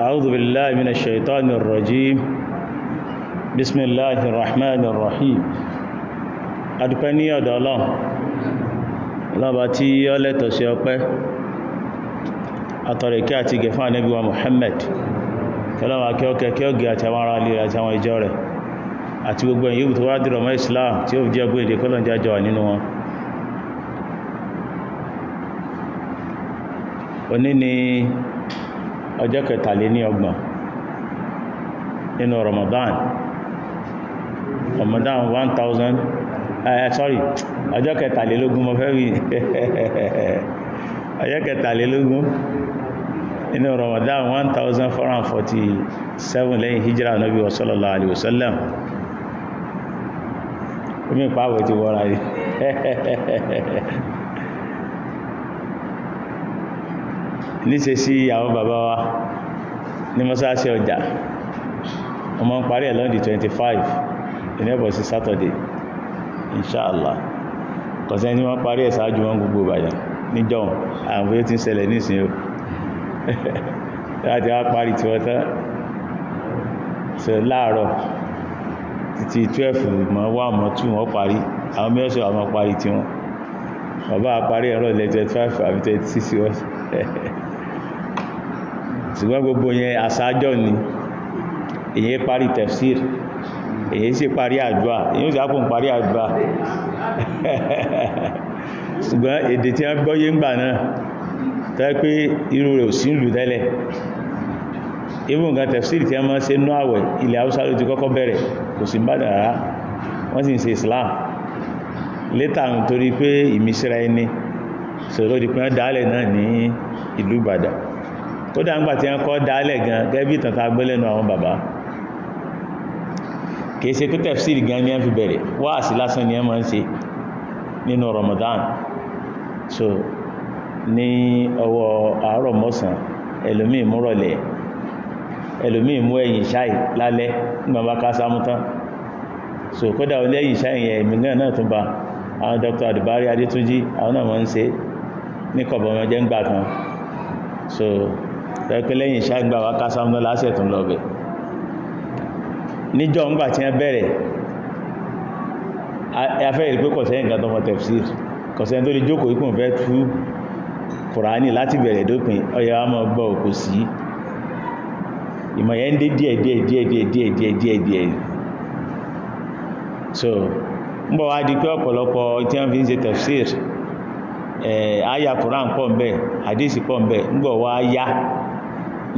أعوذ بالله من الشيطان الرجيم بسم الله الرحمن الرحيم adúpẹ́ ní ọ̀dọ̀ ọlọ́run ọlọ́ba tí ó lẹ́tọ̀ sí ọpẹ́ àtọ̀rẹ̀kẹ́ àti gẹ̀fà Ànábì wa Muhammad kẹlọ́wà kí ó kẹ́kẹ́ ògì àti àwọn ará alẹ́ àti àwọn ìjọ rẹ̀ àti gbogbo ẹ̀yìn tó wá dìrọ̀ mọ́ Islam tí ó fi jẹ́ ọgbọ́ èdè kọ́lọ̀ jájọ wà nínú wọn òní ni ọjọ́ kẹtàlé ní ọgbọ̀n nínú Ramadan Ramadan 1000 eh, eh sorry ọjọ́ kẹtàlélógún mo fẹ́ wí ọjọ́ kẹtàlélógún nínú Ramadan 1447 lẹ́yìn hijira nabi wa sallallahu alaihi wasallam omi pàwẹ̀ ti wọ́ra rí níṣe sí àwọn bàbá wa ní mọ́sáàsì ọjà wọ́n máa ń parí ẹ̀ lọ́ndì 25 ìnẹ́bọ̀ sí Saturday inshallah kọ̀sẹ́ ní wọ́n parí ẹ̀ sáájú wọn gbogbo Ìbàdàn níjọ́ àwọn bóyá ti ń ṣẹlẹ̀ nísìn o láti wá parí tí wọ́n tán sọ láàárọ̀ títí 12 mọ́ wà mọ́ 2 wọ́n parí àwọn mìíràn àwọn parí tí wọ́n bàbá parí ẹ̀rọ ilẹ̀ 25 àbí 26 wọ́n ṣùgbọ́n gbogbo yẹn àṣájọ́ ni èyí parí tefsir èyí sì parí àdúà èyí sì ápùn parí àdúà ṣùgbọ́n èdè tí a gbọ́yé ńgbà náà tẹ́ pé irú rẹ̀ ò sí ìlú tẹ́lẹ̀ irú nǹkan tefsir tí a máa ṣe nú àwẹ̀ ilẹ̀ haúsá ló ti kọ́kọ́ bẹ̀rẹ̀ kò sí bàdà rárá wọ́n sì ń ṣe Islam létà ń torí pé ìmísíra ẹni sọ̀rọ̀ di pé wọ́n dálẹ̀ náà ní ìlú Ìbàdàn ó dá ń gbà tí wọ́n kọ́ dálẹ̀ gan gẹ́bí ìtànta agbélẹ́nu àwọn bàbá kìí ṣe pé tẹ̀fsìrì gan ní ẹ́ fi bẹ̀rẹ̀ wáàsí lásán ni ẹ́ máa ń ṣe nínú Ramadan so ní ọwọ́ àárọ̀ mọ́sàn ẹlòmíì mú rọ̀lẹ́ ẹlòmíì mú ẹ̀yìn ṣáì lálẹ́ nígbà bá ká sámútán so kódà ó lẹ́yìn ṣáì yẹn èmi náà náà tún ba àwọn Dr. Adubari Adétúnjí àwọn náà máa ń ṣe ní kọ̀bọ̀mọjẹ́ ń gbà kan so pẹ́pẹ́ lẹ́yìn ṣágbà wá kásámúná lásẹ̀ tún lọ bẹ̀ níjọ́ ńgbà tí wọ́n bẹ̀rẹ̀ afẹ́ ìrí pé kọ̀sẹ́yìn kan tọmọ tẹ̀fsir kọ̀sẹ́yìn tó lè jókòó ikùn fẹ́ tú kùránì láti bẹ̀rẹ̀ dópin ọyà ọmọ gbọ́ òkú sí ìmọ̀yẹ́ ń dé díẹ̀ àyà kùrán pọ̀ ń àdísì pọ̀ ń ń bọ̀ wá yá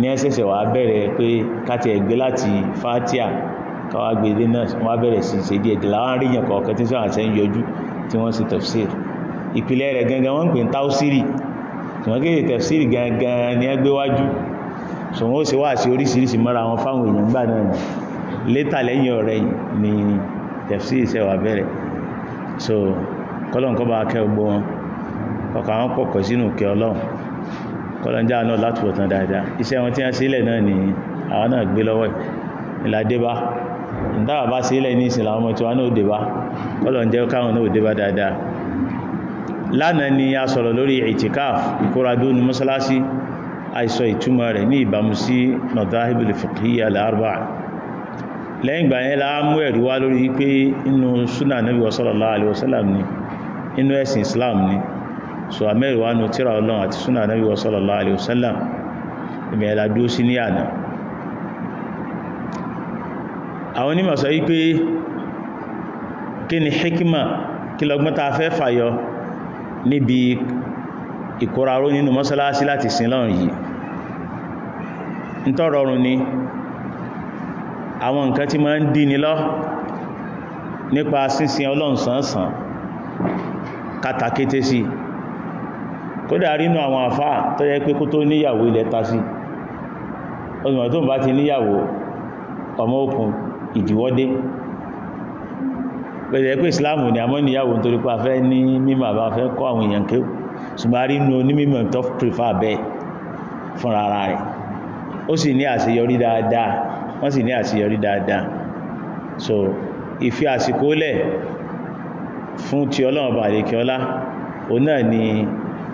ní ẹ́sẹ̀sẹ̀ wà bẹ̀rẹ̀ pé káti ẹ̀gbé láti fatia káwà gbé dé náà wọ́n bẹ̀rẹ̀ sí ṣe díẹ̀ dìlà wọ́n ríyàn kọ̀ọ̀kan tí wọ́n àṣẹ ń yọjú tí wọ́n sì tafsir ìpìlẹ̀ rẹ̀ gangan wọ́n ń pè ní táúsírì ṣùgbọ́n kéde tafsir gangan ni ẹ gbé wájú ṣùgbọ́n ó sì wá sí oríṣiríṣi mọ́ra wọn fáwọn èèyàn gbà náà létà lẹ́yìn ọ̀rẹ́ ni tafsir ṣe wà bẹ̀rẹ̀ so kọ́lọ̀ nǹkan bá kẹ́ gbogbo wọn ọkọ̀ àwọn pọ̀pọ̀ sínú kẹ́ ọlọ́run kọlọ̀njá náà látùbọ̀ tán dáadáa iṣẹ́ wọn tí wọ́n sílẹ̀ náà ni àwọn náà gbé lọ́wọ́ ìlàdébá ìdáwà bá sílẹ̀ ní ìsìn àwọn ọmọ tí wọ́n náà débá kọlọ̀njẹ́ káwọn náà débá dáadáa lánàá ni a sọ̀rọ̀ lórí ìtìkáf ìkóradó ní mọ́sálásí àìsọ ìtumọ̀ rẹ̀ ní ìbámu sí nọ̀dáhìbìlì fìkìyà lárúbà lẹ́yìn ìgbà yẹn so amẹ́rin wa nù tíra ọlọ́run àti súnà Ànábì sallallahu alaihi wasallam ìmẹ̀ ẹ̀lá dúó sí ní àná àwọn onímọ̀ sọ wípé kí ni hikima kí lọ́gbọ́n ta fẹ́ fàyọ níbi ìkóraró nínú mọ́sálásí láti sin lọ́run yìí ń tọ́rọrùn ni àwọn nǹkan tí ma ń dí ni lọ nípa sínsin ọlọ́run sánsan kàtàkété sí i kódà rínú àwọn àfáà tó yẹ pé kó tó níyàwó ilẹ̀ tasí ọmọ tó bá ti níyàwó ọmọ òkun ìdíwọ́dé pẹ̀lẹ̀ pé Islam ni àmọ́ níyàwó nítorí pé a fẹ́ ní mímọ̀ àbá fẹ́ kọ́ àwọn èèyàn kéwù ṣùgbọ́n rínú onímọ̀ tó prefer bẹ́ẹ̀ fúnra ara rẹ̀ ó sì ní àṣeyọrí dáadáa wọ́n sì ní àṣeyọrí dáadáa so ìfi àsìkò lẹ̀ fún ti ọlọ́run bàdé kí ọlá òun náà ni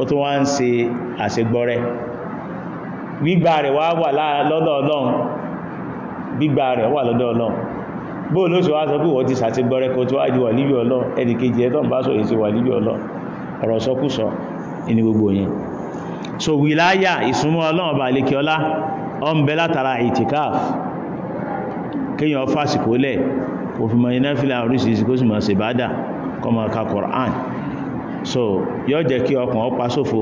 ó tún wá ń ṣe àṣegbọ́rẹ́ gbígbà rẹ̀ wá wà lọ́dọ̀ ọlọ́run gbígbà rẹ̀ wà lọ́dọ̀ ọlọ́run bó ló ṣe wá sọ pé wọ́n ti ṣàṣegbọ́rẹ́ kó tó wá di wà níbi ọlọ́run ẹnì ẹ̀tọ́ bá sọ èsì wà níbi ọlọ́run ọ̀rọ̀ sọkúsọ ní gbogbo yẹn so wìláyà ìsúnmọ́ ọlọ́run ọba àlekíọlá ọ ń bẹ látara ìtìkáf kéèyàn fásìkò lẹ̀ òfin mọ̀ Qur'an so yóò jẹ́ kí ọkàn ọpa sófo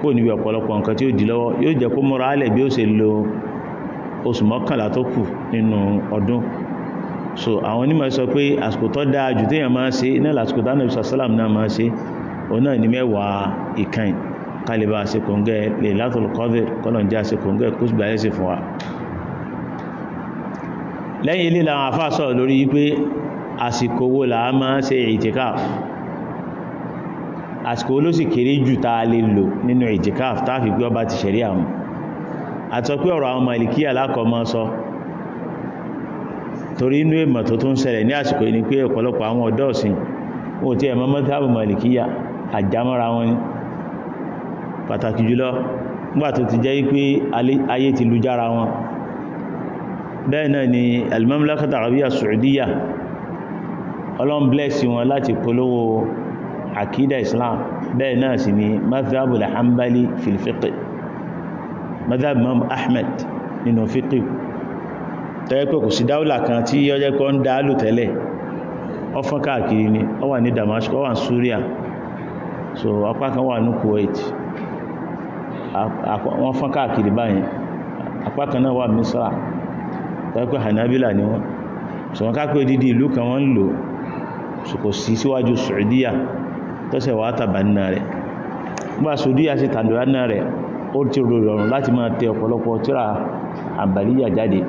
kó níbi ọ̀pọ̀lọpọ̀ nǹkan tí ó dì lọ́wọ́ yóò jẹ́ kó múra álẹ̀ bí ó ṣe lo oṣù mọ́kànlá tó kù nínú ọdún so àwọn onímọ̀ sọ pé àsìkò tó dáa jù téèyàn máa ń ṣe náà lásìkò tó ànàbì sàṣálàm náà máa ń ṣe òun náà ní mẹ́wàá ìkànnì kálíbà àṣekòǹgẹ́ lè látòlùkọ́dẹ̀ kọ́lọ̀njẹ́ àṣekòǹgẹ́ kó sì gbáyé sí fún wa lẹ́yìn ilé làwọn àfáà sọ̀rọ̀ lórí wípé àsìkò wo làá máa ń ṣe ìtìkáàfù àsìkò olóṣì kéré jù ta lè lò nínú ìtìkáf táàfi pé ọba ti ṣẹ̀rí àwọn àtọ́ pé ọ̀rọ̀ àwọn màlìkí alákọ̀ọ́mọ́ sọ torí inú èmọ̀ tó tún ṣẹlẹ̀ ní àsìkò ní pé ọ̀pọ̀lọpọ̀ àwọn ọ̀dọ́ ọ̀sìn ti ẹ̀mọ́ mọ́tàbù màlìkíyà àjámọ́ra wọn pàtàkì jùlọ nígbà tó ti jẹ́ pé ayé àkídà islam bẹ́ẹ̀ náà sì ni mazhabul hanbali fil fiqh mazhab imam ahmed nínú fiqh tẹ́yẹ́ pé kò sí dáúlà kan tí yọ́jẹ́ kọ́ ń dá lù tẹ́lẹ̀ ọfán káàkiri ni ó wà ní Damascus ó wà ní Syria so apá kan wà ní Kuwait wọ́n fán káàkiri báyìí apá kan náà wà Misra tẹ́yẹ́ Hanabila ni wọ́n so wọ́n ká pé dídí ìlú kan wọ́n ń lò so kò sí síwájú Saudiya tọ́sẹ̀ wá tàbánà rẹ̀ nígbà sódí àti tàbánà rẹ̀ ó ti rọrùn láti máa tẹ ọ̀pọ̀lọpọ̀ tíra àbàlíyà jáde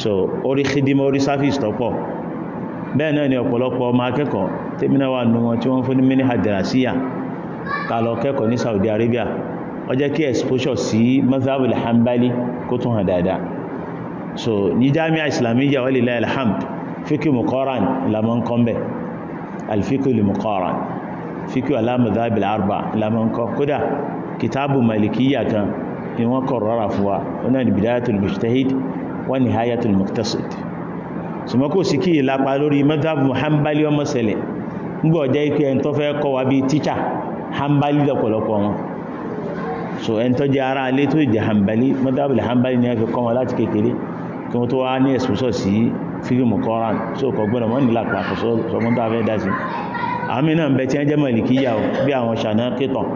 so orí khidima orí service tọ́pọ̀ bẹ́ẹ̀ náà ni ọ̀pọ̀lọpọ̀ ọmọ akẹ́kọ̀ọ́ tẹ́mínà wà nù wọn tí wọ́n fún ní mini hadrasiya ta kẹ́kọ̀ọ́ ní Saudi Arabia ó jẹ́ kí exposure sí mazhab al kó tún hàn dáadáa so ní jami'a islamiyya walilahi alhamd fíkì muqaran ìlàmọ́ ń kọ́ mbẹ̀ alfíkì muqaran fíkí alámọ̀dábìlá arba lámọ́nkọ́ kódà kìtàbù malikiyya kan ni wọ́n kọ̀ rọ́rà fún wa wọ́n náà ni bidayatul mujtahid wa nihayatul muqtasid ṣùgbọ́n kò sí kí ìlapa lórí madhabu hanbali ọmọ sẹlẹ̀ ngbọ̀ jẹ́ ikú ẹni tó fẹ́ kọ́ wa bí tíṣà hanbali lọ́pọ̀lọpọ̀ wọn so ẹni tó jẹ́ ara alé tó jẹ́ hanbali madhabu hanbali ni a fi kọ́ wọn láti kékeré kí wọ́n tó wá ní ẹ̀sùsọ̀ sí fíìmù kọ́ran tí ó kọ̀ gbọ́dọ̀ mọ́ nílà pàtó sọmọ́dá àmì náà bẹ tí wọ́n jẹ́ mọ̀lìkíyà bí àwọn ṣàná kétàn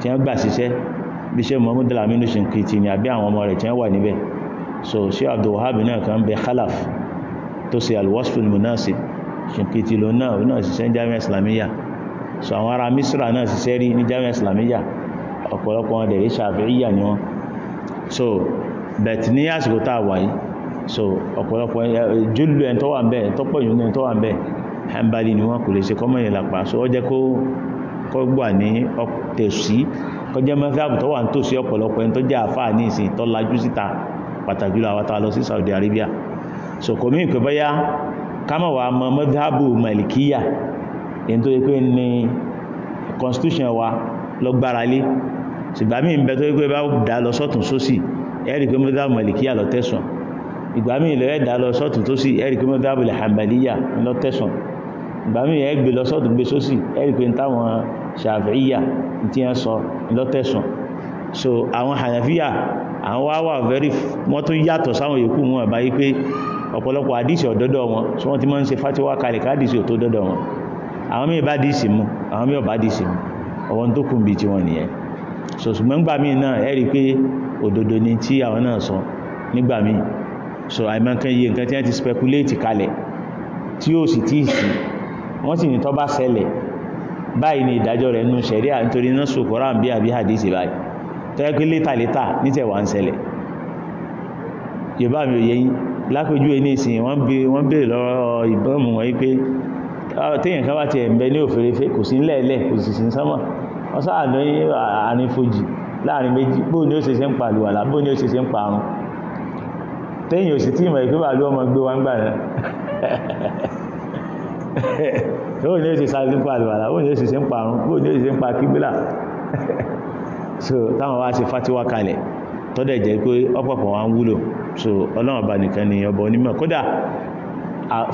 tí wọ́n gbà síṣẹ́ bí ṣe mọ́mú dàlámínú ṣe ń kìtì ní àbí àwọn ọmọ rẹ̀ tí wọ́n wà níbẹ̀ so ṣé abdulwahab náà kan bẹ khalaf tó ṣe alwasful munasib ṣe ń kìtì ló náà so àwọn ará misra náà ṣiṣẹ́ rí ní jamiu islamiyya ọ̀pọ̀lọpọ̀ wọn so bẹ̀t ní àsìkò so ọ̀pọ̀lọpọ̀ eh, jùlọ ẹ̀ tó wà ń bẹ́ẹ̀ tọ́pọ̀ ìyún hanbali ni wọ́n kò lè ṣe kọ́mọ̀ yẹn lápá so ó jẹ́ kó kọ́gbà ní tẹ̀sí kọjá mẹ́fíàbù tó wà ń tòsí ọ̀pọ̀lọpọ̀ ẹni tó jẹ́ àfáà ní ìsìn tó síta pàtàkì jùlọ àwọn lọ sí Saudi Arabia so kò mí ìpè bọ́yá kámọ̀wá mọ mẹ́fíàbù malikiya èyí tó yẹ pé ní constitution wa lọ gbára lé ṣùgbà míì ń bẹ tó yẹ pé bá dá lọ sọ́tún sósì ẹ̀rì pé mẹ́fíàbù malikiya lọ tẹ̀sán ìgbà míì lọ́yẹ̀ dá lọ sọ́tún tó sì pé mẹ́fíàbù hanbaliya lọ tẹ̀sán ìgbà míì ẹ gbé lọ sọ́tún gbé sósì ẹ̀rí pé táwọn ṣàfíìyà tí wọ́n sọ lọ́tẹ̀sùn so àwọn hànàfíyà àwọn wá wà very wọ́n tún yàtọ̀ sáwọn yòókù wọn àbá yí pé ọ̀pọ̀lọpọ̀ àdìsí ọ̀dọ́dọ̀ wọn tí wọ́n ti máa ń ṣe fátíwá kalẹ̀ káàdìsí ò tó dọ́dọ̀ wọn àwọn míì bá dìísì mu àwọn míì ọ̀bá dìísì mu ọ̀wọ́n tó kùn bí ti wọn nìyẹn so ṣùgbọ́n nígbà míì náà ẹ rí pé òdodo ni tí àwọn náà sọ nígbà míì so àìmọ̀kan iye nǹkan tí wọ́n ti speculate kalẹ̀ tí yóò sì tíì sí wọ́n sì ní tó bá ṣẹlẹ̀ báyìí ni ìdájọ́ rẹ̀ nú ṣẹ̀ríà nítorí iná sòkòrò àbí àbí hadisi báyìí tó yẹ pé létà létà nítẹ̀ wà ń ṣẹlẹ̀ yorùbá mi ò yẹ yín lápẹjú ẹni ìsìn wọ́n bèèrè lọ́rọ̀ ìbọn mú wọn pé téèyàn kan bá ti ẹ̀m̀bẹ ní òfèrèfé kò sí ńlẹ̀ẹ̀lẹ̀ kò sì sí sánmà wọ́n sáà ní àárín fojì láàrin méjì bóò ni ó ṣe ṣe ń pàlù àlà bóò tí ìmọ̀ ìpínlẹ̀ ọmọ gbé wa gbà náà bóò ní èsì sáré nípa àlùwàlà bóò ní èsì sí ń parun bóò ní èsì sí ń pa kíbílà so táwọn wá sí fatiwa kalẹ̀ tọ́dẹ̀ jẹ́ pé ọ̀pọ̀pọ̀ wá ń wúlò so ọlọ́run nìkan ni ọba onímọ̀ kódà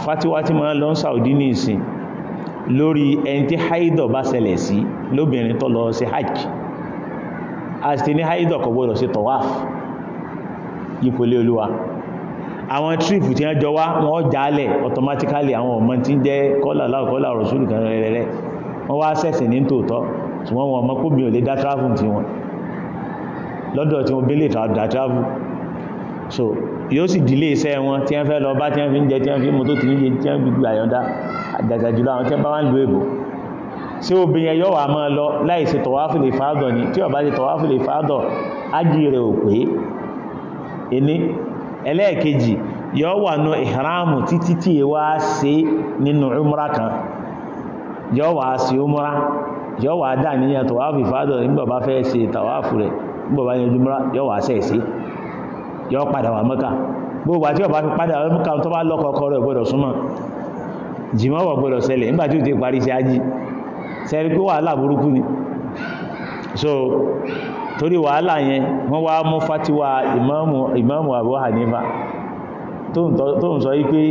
fatiwa tí máa ń lọ Saudi ní ìsìn lórí ẹni tí haidọ̀ bá ṣẹlẹ̀ sí lóbìnrin tó lọ sí hajj a sì ti ní haidọ̀ kò gbọdọ̀ sí tọ̀wáf yípo olúwa àwọn trífù tí wọ́n jọ wá wọ́n jálẹ̀ automatically àwọn ọmọ tí ń jẹ́ kọ́là láòkọ́là ọ̀rọ̀ sórí kan rẹ̀rẹ̀ wọ́n wá sẹ̀sìn ní tòótọ́ ṣùgbọ́n wọn ọmọ kóbi ò lè dá travel ti wọn lọ́dọ̀ tí wọ́n bẹ́lẹ̀ dá travel so yóò sì dílé iṣẹ́ wọn tí wọ́n fẹ́ lọ bá tí wọ́n fi ń jẹ tí wọ́n fi mú tó ti ń jẹ tí wọ́n fi gbà yọ̀ǹda àjàjà jùlọ àwọn tí wọ́n bá wá ń lo èbò ṣé obìnrin yóò wà máa lọ láìsí tọ̀wáfù lè fàádọ̀ ni tí ó ti tọ̀wáfù fàádọ̀ ájì rẹ̀ ò pé ení ẹlẹ́ẹ̀kejì yọ wà nú ìhìráàmù títí tí è wá sí nínú umra kan yọ wà sí umra yọ wà dá níyàn tọ̀wáfù ìfádọ̀ nígbà bá fẹ́ ṣe tàwáfù rẹ̀ nígbà ní yẹn yọọ yọ wà sẹ́ sí yọ padà wà Bụ gbogbo àti ọba fi padà wà tó bá lọ́kọ̀ọ́kọ́ rẹ̀ gbọ́dọ̀ súnmọ́ ti parí sí ají sẹ́rí pé ni so torí wàhálà yẹn wọ́n wá mú fatiwa ìmáàmù ìmáàmù Abu Hanifa tó ń sọ wípé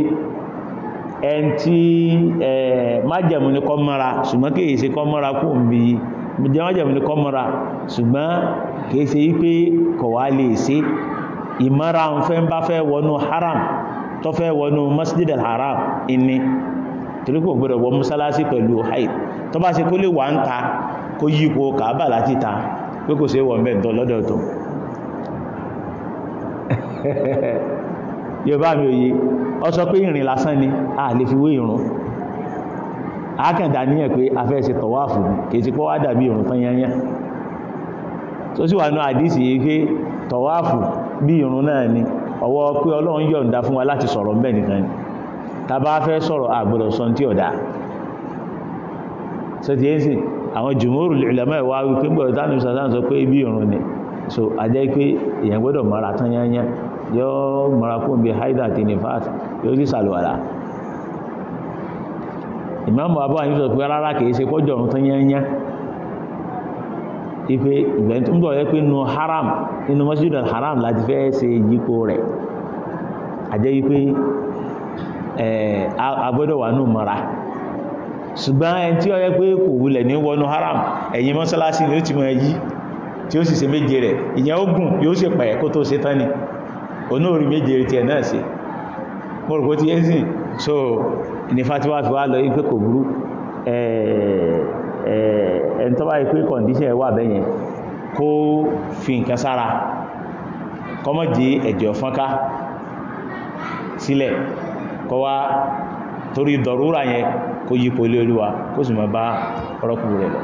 ẹn tí májẹ̀mú ni kọ́ mọ́ra ṣùgbọ́n kìí ṣe kọ́ mọ́ra kò ń bi jẹ́ májẹ̀mú ni kọ́ mọ́ra ṣùgbọ́n kìí ṣe wípé kọ̀ wá lè ṣe ìmọ́ra ń fẹ́ bá fẹ́ wọnú haram tó fẹ́ wọnú masjid al-haram torí kò gbọ́dọ̀ wọ mọ́sálásí pẹ̀lú haid tó bá ṣe kó lè wà ń ta kó yípo kàábà láti ta pé kò sí ẹwọ̀ mẹ́ntọ́ lọ́dọ̀ tó bá mi òye ọ sọ pé ìrìn lásán ni a lè fi wé ìrun àákàndà níyàn pé a fẹ́ ṣe tọ̀wáàfù kì í pọ́ wá dàbí ìrun tán yányá tó sì wà ní àdísì yìí pé tọ̀wáàfù bí ìrun náà ni ọwọ́ pé ọlọ́run yọ̀ǹda fún wa láti sọ̀rọ̀ mbẹ́ nìkan ni ta bá fẹ́ sọ̀rọ̀ àgbọ̀dọ̀ sọ ọ̀dà ti àwọn jùmọ́rù ulama wá wípé gbọ́dọ̀ tánù sàtánù sọ pé ibi ìrùn ni so a jẹ́ pé èèyàn gbọ́dọ̀ mara tán yányá yóò mara kó bí haida àti nifas yóò sì sàlùwàlà ìmáàmù abọ́ àyíkú sọ pé rárá kìí ṣe kọjọ ọ̀run tán yányá ipe ìgbẹ́ ń bọ̀ yẹ pé nu haram nínú masjid al-haram láti fẹ́ ṣe yípo rẹ̀ a jẹ́ wípé a gbọ́dọ̀ wà nù mara ṣùgbọ́n ẹni tí ó yẹ pé kò wulẹ̀ ní wọnú haram ẹ̀yìn mọ́sálásí ni ó ti mọ̀ yí tí ó sì ṣe méje rẹ̀ ìyẹn ó gùn yóò sì pẹ̀ kó tó ṣe tán onóòrí méje rẹ̀ tiẹ̀ náà ṣe mo ti yẹn sìn so ní fatiwa fi wá lọ yí pé kò burú ẹni tó bá yí pé condition wà bẹ́yẹn kó fi nǹkan sára torí dọ̀rúra yẹn kó yípo ilé olúwa kó sì mọ̀ bá ọ̀rọ̀kù rẹ̀ lọ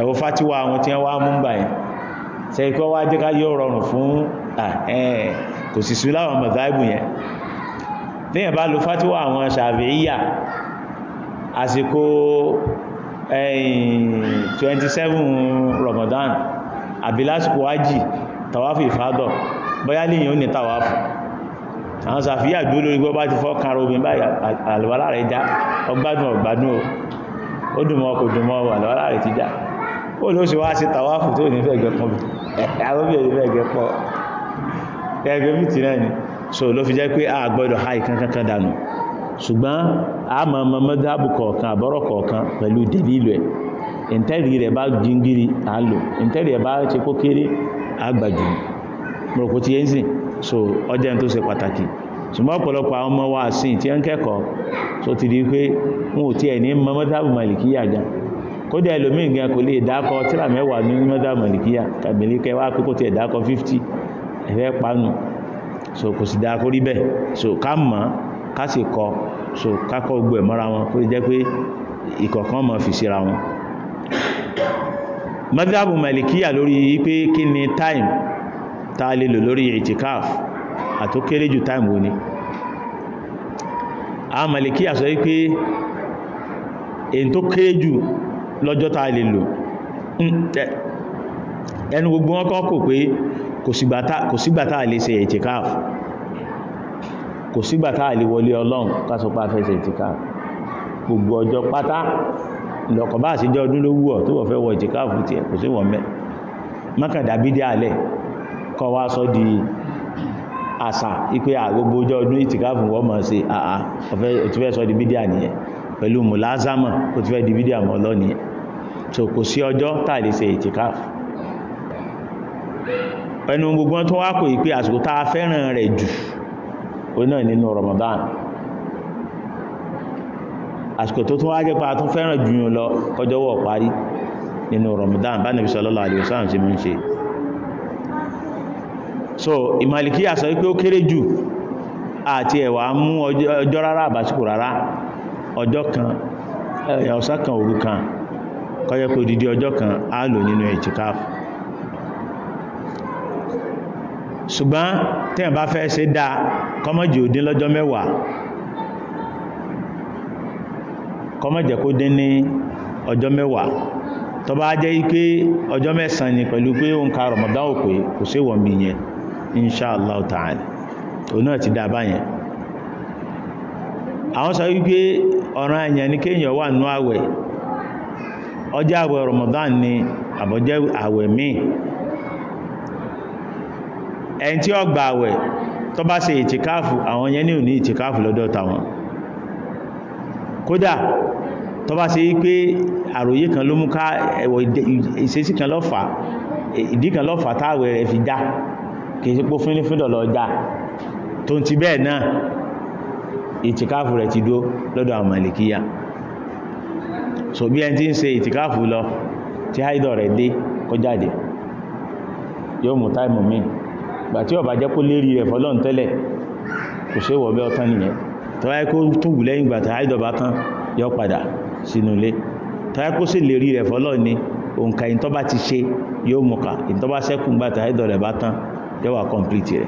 ẹ̀wọ̀ fátíwá àwọn tí wọ́n mú bà yẹn ṣe ikọ́ wá jẹ́ ká yóò rọrùn fún kò sì sí láwọn mọ̀táìbù yẹn léyìn bá lo fátíwá àwọn ṣàfihíyà àsìkò 27 Ramadan àbí lásìkò ájì tàwáfì ìfádọ̀ bóyá léyìn ó ní tàwáfì àwọn sàfíyà gbé lórí gbọ́ bá ti fọ́ kan robin báyìí àlùwàlá rẹ̀ já ọgbádùn ọgbádùn ó kò rẹ̀ ti já ó ló ṣe wá sí tàwáfù tó ní fẹ́ àwọn bí ti náà ni so ló fi jẹ́ pé a gbọ́dọ̀ ha ìkan kankan dànù ṣùgbọ́n a mọ̀ mọ́ mọ́dábù kọ̀ọ̀kan kọ̀ọ̀kan pẹ̀lú ẹ̀ ìntẹ́rì rẹ̀ bá à ń lò ìntẹ́rì rẹ̀ bá ṣe kó kéré àgbàjù ti yẹn sìn so ọjẹ́ tó ṣe pàtàkì ṣùgbọ́n ọ̀pọ̀lọpọ̀ àwọn ọmọ wa sí tí ń so ti di pé wọn ò tí ẹ̀ ní mọ́mọ́dábù màlìkíyà gan kódà ẹlòmíì gan kò lè dákọ tíra mẹ́wàá ní mọ́mọ́dábù màlìkíyà kàbílí kẹ wá so kò sì dáa so ká mọ̀ ká sì so ká kọ́ gbogbo ẹ̀ mọ́ra wọn kó lè jẹ́ pé ìkọ̀kan mọ̀ fi síra wọn tá a lè lò lórí ìtìkáf àtó kéré jù táìmù wo ni àwọn màlìkí àsọ wípé èyí tó kéré jù lọ́jọ́ tá a lè lò ẹnu gbogbo wọn kọ́kò pé kò sígbà tá a lè ṣe ìtìkáf kò sígbà tá a lè wọlé ọlọ́run kásọpá fẹ́ ṣe gbogbo ọjọ́ pátá lọ́kọ̀ bá ọdún ló wù tó wọ́n fẹ́ wọ ìtìkáf kọ́ wá sọ di àṣà ipé àgbogbo ọjọ́ ọdún ìtìkáàfù wọ́n mọ̀ sí àà òtífẹ́ sọ di bídíà nìyẹn pẹ̀lú mùlázámọ̀ òtífẹ́ di bídíà mọ́ lọ́nìyẹn so kò sí ọjọ́ tààlé ṣe ìtìkáàfù ẹnu gbogbo tó wá kò ìpé àsìkò tá a fẹ́ràn rẹ̀ jù ó náà nínú Ramadan àsìkò tó tún wá jẹ́ pa tún fẹ́ràn jù lọ kọjọ́wọ́ parí nínú Ramadan bá Nàbí sallallahu alaihi wasallam mú ń ṣe so ìmàlìkí àsọ wípé ó kéré jù àti ẹ̀wà mú ọjọ́ rárá àbásíkò rárá ọjọ́ kan ọ̀sán kan òru kan kọjẹ́ pé odidi ọjọ́ kan á lò nínú ẹ̀tìkáf ṣùgbọ́n tẹ́yàn bá fẹ́ ṣe dáa kọmọ́jì ò dín lọ́jọ́ mẹ́wàá kọmọ́jẹ̀ kó dín ní ọjọ́ mẹ́wàá tó jẹ́ pé ọjọ́ mẹ́sàn-án ni pẹ̀lú pé ó ń ka Ramadan òpè kò sí wọ̀n yẹn inṣáàlá ta'ala òun náà ti dá báyẹn àwọn sọ wípé ọ̀ràn àyàn ní kéèyàn wà nú àwẹ̀ ọjọ́ àwẹ̀ Ramadan ni àbọ̀jẹ́ àwẹ̀ míì ẹni tí ó gba àwẹ̀ tó bá ṣe ìtìkáàfù àwọn yẹn ní òní ìtìkáàfù lọ́dọ̀ tàwọn kódà tó bá ṣe wípé àròyé kan ló mú ká ìṣesí kan ló ìdí kan lọ́fà fà táwẹ̀ rẹ̀ fi já kìí sí pó fínlífíndọ̀ lọ já tó ti bẹ́ẹ̀ náà ìtìkáàfù rẹ̀ ti dó lọ́dọ̀ àwọn màlìkíyà so bí ẹni tí ń ṣe ìtìkáàfù lọ tí haidọ̀ rẹ̀ dé kó jáde yóò mú táìmù mi gbà tí ọba jẹ́ kó lérí rẹ̀ fọlọ́n tẹ́lẹ̀ kò ṣe wọ̀ bẹ́ ọtán nìyẹn tọ́wáyé kó túbù lẹ́yìn gbà tí bá tán yọ padà sínú ilé tọ́wáyé kó sì lérí rẹ̀ fọlọ́n ni òǹkà ìtọ́ba ti ṣe yóò mọ̀kà ìtọ́ba sẹ́kùn gbà tí haidọ̀ rẹ̀ bá tán yóò wá complete rẹ̀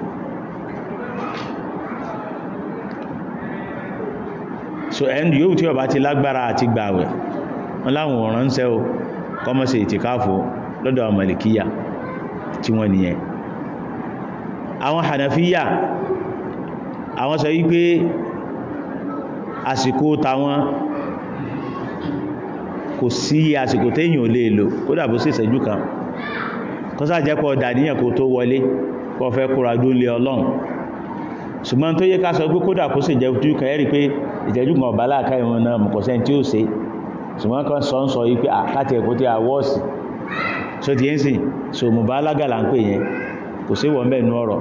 so ẹn yóò tí ó bá ti lágbára àti gbààwẹ̀ wọn láwọn ọ̀ràn ń sẹ́ o kọmọ́sẹ̀ ìtìkáàfò lọ́dọ̀ àwọn malikiya tí wọ́n nìyẹn àwọn hanafiya àwọn sọ wípé àsìkò tàwọn kò sí àsìkò téèyàn lè lò kódà bó sì ìṣẹ́jú kan kọ́sà dàníyàn kò tó wọlé kọ́ fẹ́ kóra dó lé ọlọ́run ṣùgbọ́n tó yẹ ká sọ pé kódà kó sì jẹ́ ojú kan ẹ̀rí pé ìjẹ́jú kan ọ̀bá láàká ìwọn náà mọ̀ pọ̀sẹ́ tí ó ṣe ṣùgbọ́n kan sọ ń sọ yí pé àkáti ẹ̀kọ́ tí a wọ́ọ̀sì so ti ń sìn so mo bá alága là ń pè yẹn kò sí wọ́n bẹ́ẹ̀ nu ọ̀rọ̀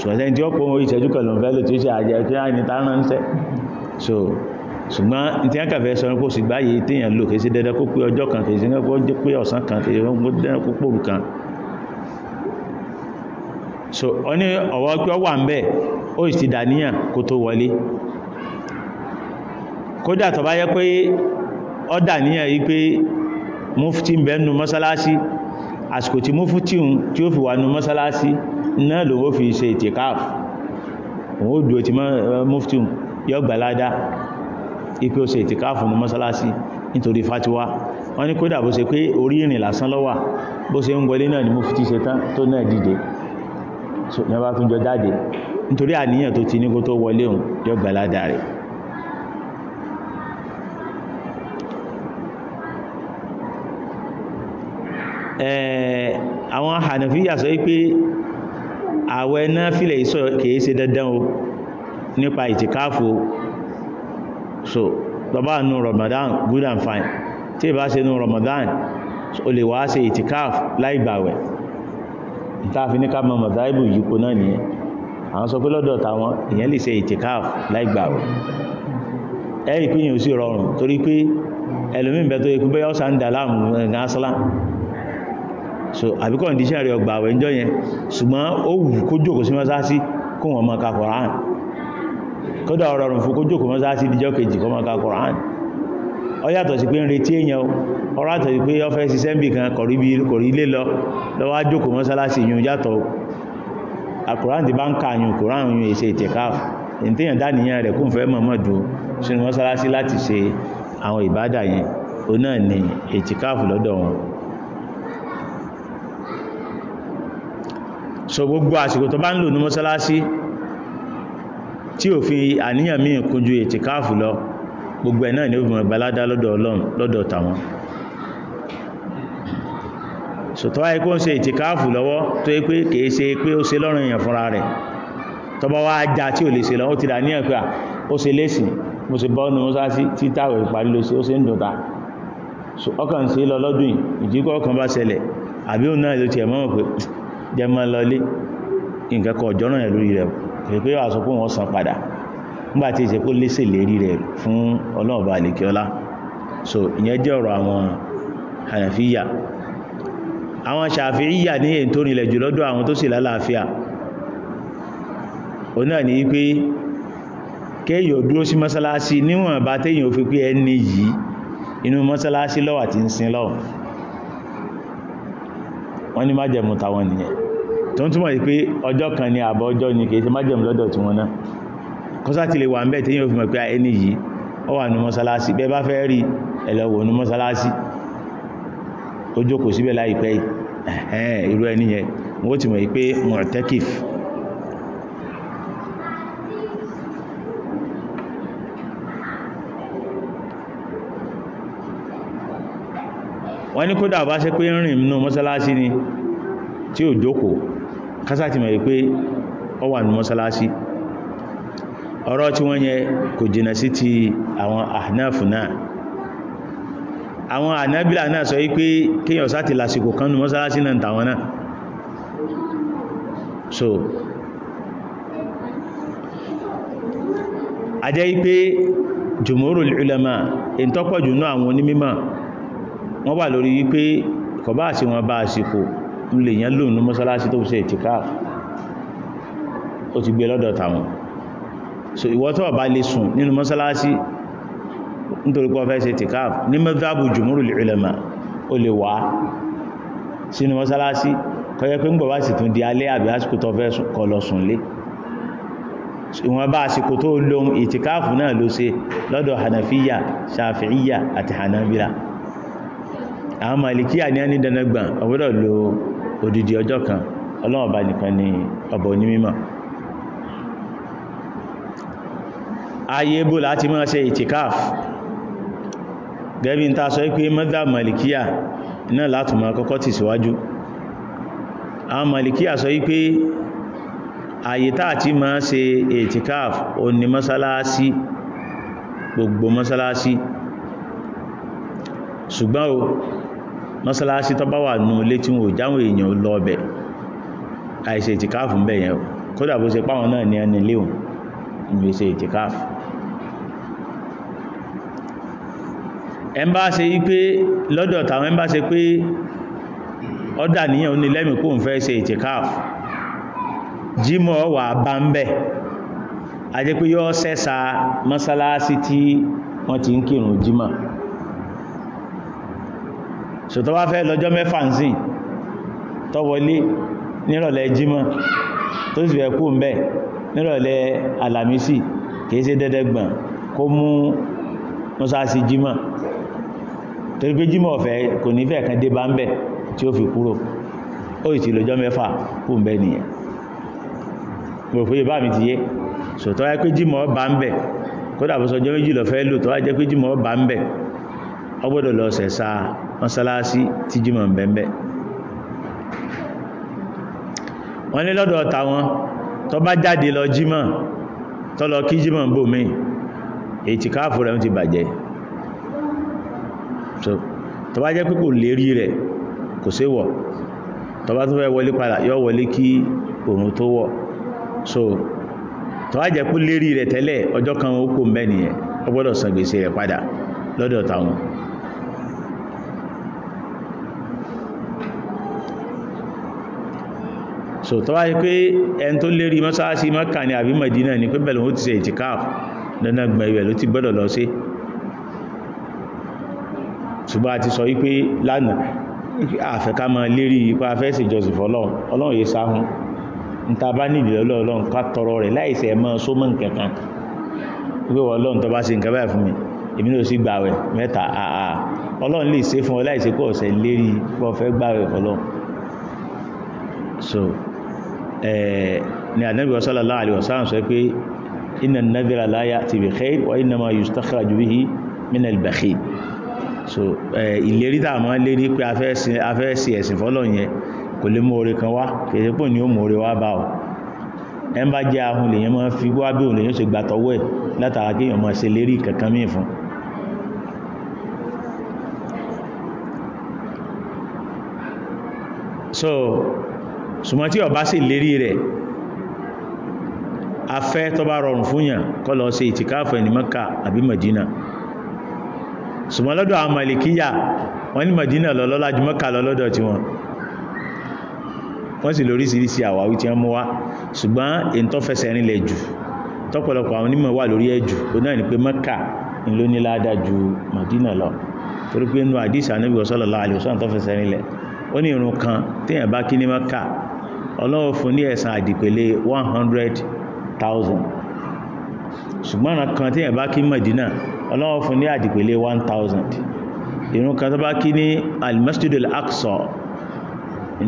ṣùgbọ́n tí ó pọ̀ mọ́ ìṣẹ́jú kan ló ń fẹ́ lò tí ó ṣe àjẹ́ tí a ní tán ránṣẹ́ so ṣùgbọ́n tí a kàfẹ́ sọ kó sì gbáyé téèyàn lò kì í sí dandan kó pé ọjọ́ kan kì í sí dandan kó pé ọ̀sán kan kì í sí dandan kó pòrù kan so ó ní ọ̀wọ́ pé ó wà ń bẹ̀ ó sì ti dàníyàn kó tó wọlé kódà tó bá yẹ pé ó dàníyàn yí pé mufti ń bẹ nínú mọ́sálásí àsìkò tí mufti ń tí ó fi wà nínú mọ́sálásí náà ló fi ṣe ìtìkáf òun ó dúró ti mufti ń yọ gbàládá ipé ó ṣe ìtìkáf nínú mọ́sálásí nítorí fatiwa wọ́n ní kódà bó ṣe pé orí ìrìn lásán ló wà bó ṣe ń wọlé náà ni mufti ṣe tán tó náà dìde ní wọ́n bá tún jọ jáde nítorí àníyàn tó ti ní kó tó wọlé òun yóò gbà ládàá rẹ̀ àwọn Hanafiya sọ wípé àwẹ̀ nàfílà ìsọ kìí ṣe dandan o nípa ìtìkáàfù so bàbá nù Ramadan good and fine tí ìbá ṣe nù Ramadan o lè wá ṣe ìtìkáàfù láìgbàwẹ̀ ìtàfi ní ká mọ mọ̀dáìbù yípo náà nìyẹn àwọn sọ pé lọ́dọ̀ táwọn èèyàn lè ṣe ìtìkáàf láìgbàwẹ̀ ẹ̀rì pé yìí ò sí rọrùn torí pé ẹlòmíì bẹ tó yẹ pé ń dà láàmú so àbí kọ̀ǹdíṣẹ́ rẹ̀ ọgbà àwẹ̀ ńjọ́ yẹn ṣùgbọ́n ó wù kó jókòó sí mọ́sáàsì kó wọn máa ka ọ yàtọ̀ sí pé ń retí èèyàn ọ yàtọ̀ sí pé ọ fẹ́ ṣiṣẹ́ bì kan kọ̀rí bí kòrí ilé lọ lọ́wọ́ ajókòó mọ́sálásì yun yàtọ̀ àkùrán ti bá ń kààyàn kùrán yun èsè ìtẹ̀káf ìtẹ̀yàn dánìyàn rẹ̀ kún fẹ́ mọ̀mọ́ dùn sínú mọ́sálásí láti ṣe àwọn ìbádà tí òfin àníyàn míì kún ju ìtẹ̀káf lọ gbogbo ẹ̀ náà ni ó mọ̀ ìgbàládá lọ́dọ̀ ọlọ́run lọ́dọ̀ tàwọn sọ̀tọ́ ayé kó ń ṣe ìtìkáàfù lọ́wọ́ tó yẹ pé kìí ṣe pé ó ṣe lọ́rùn èèyàn fúnra rẹ̀ tọba wá já tí ò lè ṣe lọ́wọ́ ti dà ní ẹ̀kọ́ ó ṣe lẹ́sìn mo ṣe bọ́ ní mọ́sá sí títàwẹ̀ ìparí ló ṣe ó ṣe ń dọ̀ta ọkàn sí lọ lọ́dún ìdíkọ́ ọkàn bá ṣẹlẹ̀ àbí òun náà ló ti ẹ̀mọ́ pé jẹ́ mọ́ lọlé nǹkan kan ọ̀jọ́ràn ẹ̀ lórí rẹ̀ pé àsọ pé wọ́n san padà nígbà tí ìṣe kó lésè lérí rẹ̀ fún ọlọ́ọ̀bá àlekíọ́lá so ìyẹn jẹ́ ọ̀rọ̀ àwọn hànàfíyà àwọn ṣàfíyà ní èyí tó rinlẹ̀ jù lọ́dọ̀ àwọn tó sì lálàáfíà òun náà ni pé kéèyàn dúró sí mọ́sálásí níwọ̀n bá téèyàn ò fi pé ẹni yìí inú mọ́sálásí lọ́wà tí ń sin lọ́wọ́ wọ́n ní májẹ̀mú táwọn nìyẹn tó ń túmọ̀ sí pé ọjọ́ kan ni àbọ̀ ọjọ́ ni kìí ṣe májẹ̀mú lọ́dọ̀ tí wọ́n náà kọ́sá ti lè wà ń bẹ̀ tí yíò fi mọ̀ pé ah, ẹni yìí ó wà ní mọ́sálásí bẹ́ bá fẹ́ rí ẹlẹ́wọ̀ ní mọ́sálásí tó jókòó síbẹ̀ láìpẹ́ ẹ̀hẹ́n irú ẹni yẹn wọ́n ti mọ̀ pé mọ̀tẹ́kìf wọ́n ní kódà bá ṣe pé ń rìn nínú mọ́sálásí ni tí ò jókòó kásá ti mọ̀ pé ó wà ní mọ́sálásí ọ̀rọ̀ tí wọ́n yẹ kò jìnà sí ti àwọn àhnáfù náà àwọn ànábílà náà sọ wípé kíyàn sáti lásìkò kan nù mọ́sálásí náà tàwọn náà so a jẹ́ wípé jùmúrù ulama in tọ́pọ̀ jùnú àwọn onímímọ̀ wọ́n wà lórí wípé kò bá sí wọn bá àsìkò lè yán lóòrùn mọ́sálásí tó fi ṣe ìtìkáà ó ti gbé lọ́dọ̀ tàwọn so ìwọ tó bá lè sùn nínú mọ́sálásí nítorí pé o fẹ́ ṣe tìkáàf ní madhabu jumhurul ulama o lè wá sínú mọ́sálásí kò yẹ pé ń gbọ̀bá sì tún di alẹ́ àbí àsìkò tó fẹ́ kọ lọ sùn lé ìwọ̀n bá àsìkò tó lóhun ìtìkáàfù náà ló ṣe lọ́dọ̀ hanafiya shafi'iya àti hanabila àwọn malikiya ní a ní dandagbà ọgbọ́dọ̀ lo odidi ọjọ́ kan ọlọ́ọ̀bá nìkan ni ọbọ̀ onímọ̀ ayé bò láti ma ṣe ìtìkáf gẹ́bí ta sọ pé mọ́dá malikiya náà láti kọ́kọ́ tì síwájú àwọn sọ pé ayé àti tí ṣe ìtìkáf o ní mọ́sálásí gbogbo mọ́sálásí ṣùgbọ́n o mọ́sálásí tó wà nù jáwọn èèyàn lọ ọbẹ̀ àìṣe ìtìkáf ń bẹ̀yẹn kódà bó ṣe páwọn náà ní ẹni ẹmbá ṣe yí pé lọ́dọ̀ tàwọn ẹmbá ṣe pé ọ́dà níyàn ní lẹ́mì kó ń fẹ́ ṣe ìtìkáf jímọ̀ wà bá ń bẹ̀ a pé yọ́ sẹ́sà mọ́sálásí tí wọ́n ti ń kírun jímọ̀ ṣòtọ́ wá fẹ́ lọ́jọ́ mẹ́fà ń sìn tọ́wọlé nírọ̀lẹ́ jímọ̀ tó sì fẹ́ kú ń bẹ̀ nírọ̀lẹ́ àlàmísì kìí ṣe dẹ́dẹ́gbọ̀n kó mú mọ́sálásí jímọ̀ torí pé jímọ̀ ọ̀fẹ́ kò ní fẹ́ẹ̀ kan dé bá ń bẹ̀ tí ó fi kúrò ó ìtì lójọ́ mẹ́fà kú ń bẹ́ nìyẹn mo fòye bá mi ti yé sòtọ́ wáyé pé jímọ̀ bá ń bẹ̀ kódà bó sọjọ́ méjì lọ fẹ́ lò tó wáyé jẹ́ pé jímọ̀ bá ń bẹ̀ ó gbọ́dọ̀ lọ sẹ̀sà mọ́sálásí tí jímọ̀ ń bẹ́ẹ̀ wọ́n ní lọ́dọ̀ tàwọn tó bá jáde lọ jímọ̀ tó lọ kí jímọ̀ ń bò mí ètìkáàfù rẹ̀ ń ti bàjẹ́ tó bá jẹ́ pé kò lérí rẹ̀ kò sí wọ̀ tó bá tó fẹ́ wọlé padà yọ wọlé kí òun tó wọ̀ so tó bá jẹ́ pé lérí rẹ̀ tẹ́lẹ̀ ọjọ́ kan ó kò mẹ́ nìyẹn ó gbọ́dọ̀ san gbèsè rẹ̀ padà lọ́dọ̀ táwọn so tó bá jẹ́ pé ẹni tó lérí mọ́sáàsì mọ́kà ni àbí Mẹ̀dínà ni pé bẹ̀rẹ̀ ó ti ṣe ìtìkáàfù dandan gbẹ̀rẹ̀ ló ti gbọ́dọ̀ lọ sí ṣùgbọ́n a ti sọ wípé lánàá àfẹ́ká máa lérí ipa afẹ́sì ìjọsìn fọ́lọ́run ọlọ́run yìí sáhun ní ta bá nídìí ọlọ́run ká tọrọ rẹ̀ láìsẹ̀ mọ́ sómọ́ nǹkankan wípé ọlọ́run tó bá ṣe nǹkan báyìí fún mi èmi náà sì gbàwẹ̀ mẹ́ta àà ọlọ́run lè ṣe fún ọ láìsẹ̀ kó ọ̀sẹ̀ lérí pé ọ̀fẹ́ gbàwẹ̀ fọ́lọ́run so ni ànábì sallallahu alaihi wasallam sọ pé inna an-nadhira la ya'ti bi khair wa innama min al-bakhil so ìlérí tàà mọ́ lérí pé a fẹ́ ṣe ẹ̀sìn fọ́lọ̀ yẹn kò lè mú oore kan wá kèsè pò ní ó mú oore wá bá ọ ẹ ń bá jẹ́ ahun lèyàn máa fi wá bí òun lèyàn ṣe gbà tọwọ́ ẹ̀ látara kí èèyàn máa ṣe lérí kankan míì fún so ṣùgbọ́n tí ọba sì lérí rẹ̀ afẹ́ tó bá rọrùn fún yàn kọ́ lọ ṣe ìtìkáàfù ẹni Mẹ́kà àbí Mẹ̀dínà ṣùgbọ́n lọ́dọ̀ àwọn malikiya wọ́n ní Madina lọ lọ́lá jù Mẹ́kà lọ lọ́dọ̀ tí wọn wọ́n sì lóríṣiríṣi àwáwí tí wọ́n mú wá ṣùgbọ́n èyí tó fẹsẹ̀ rinlẹ̀ jù tọ́pọ̀lọpọ̀ àwọn onímọ̀ wà lórí ẹ̀jù ó náà ni pé Mẹ́kà ń ló ní ju Madina lọ torí pé nínú àdísà Ànábì sallallahu alaihi wasallam tó fẹsẹ̀ rinlẹ̀ ó ní irun kan téèyàn bá kí ní Mẹ́kà Ọlọ́run fún ní ẹ̀san àdìpẹ̀lẹ̀ 100,000 ṣùgbọ́n kan kí Madina ọlọ́wọ́ fún ní àdìpẹ̀lẹ̀ 1000 ìrun kan tó bá kí ní al-masjid al-aqsa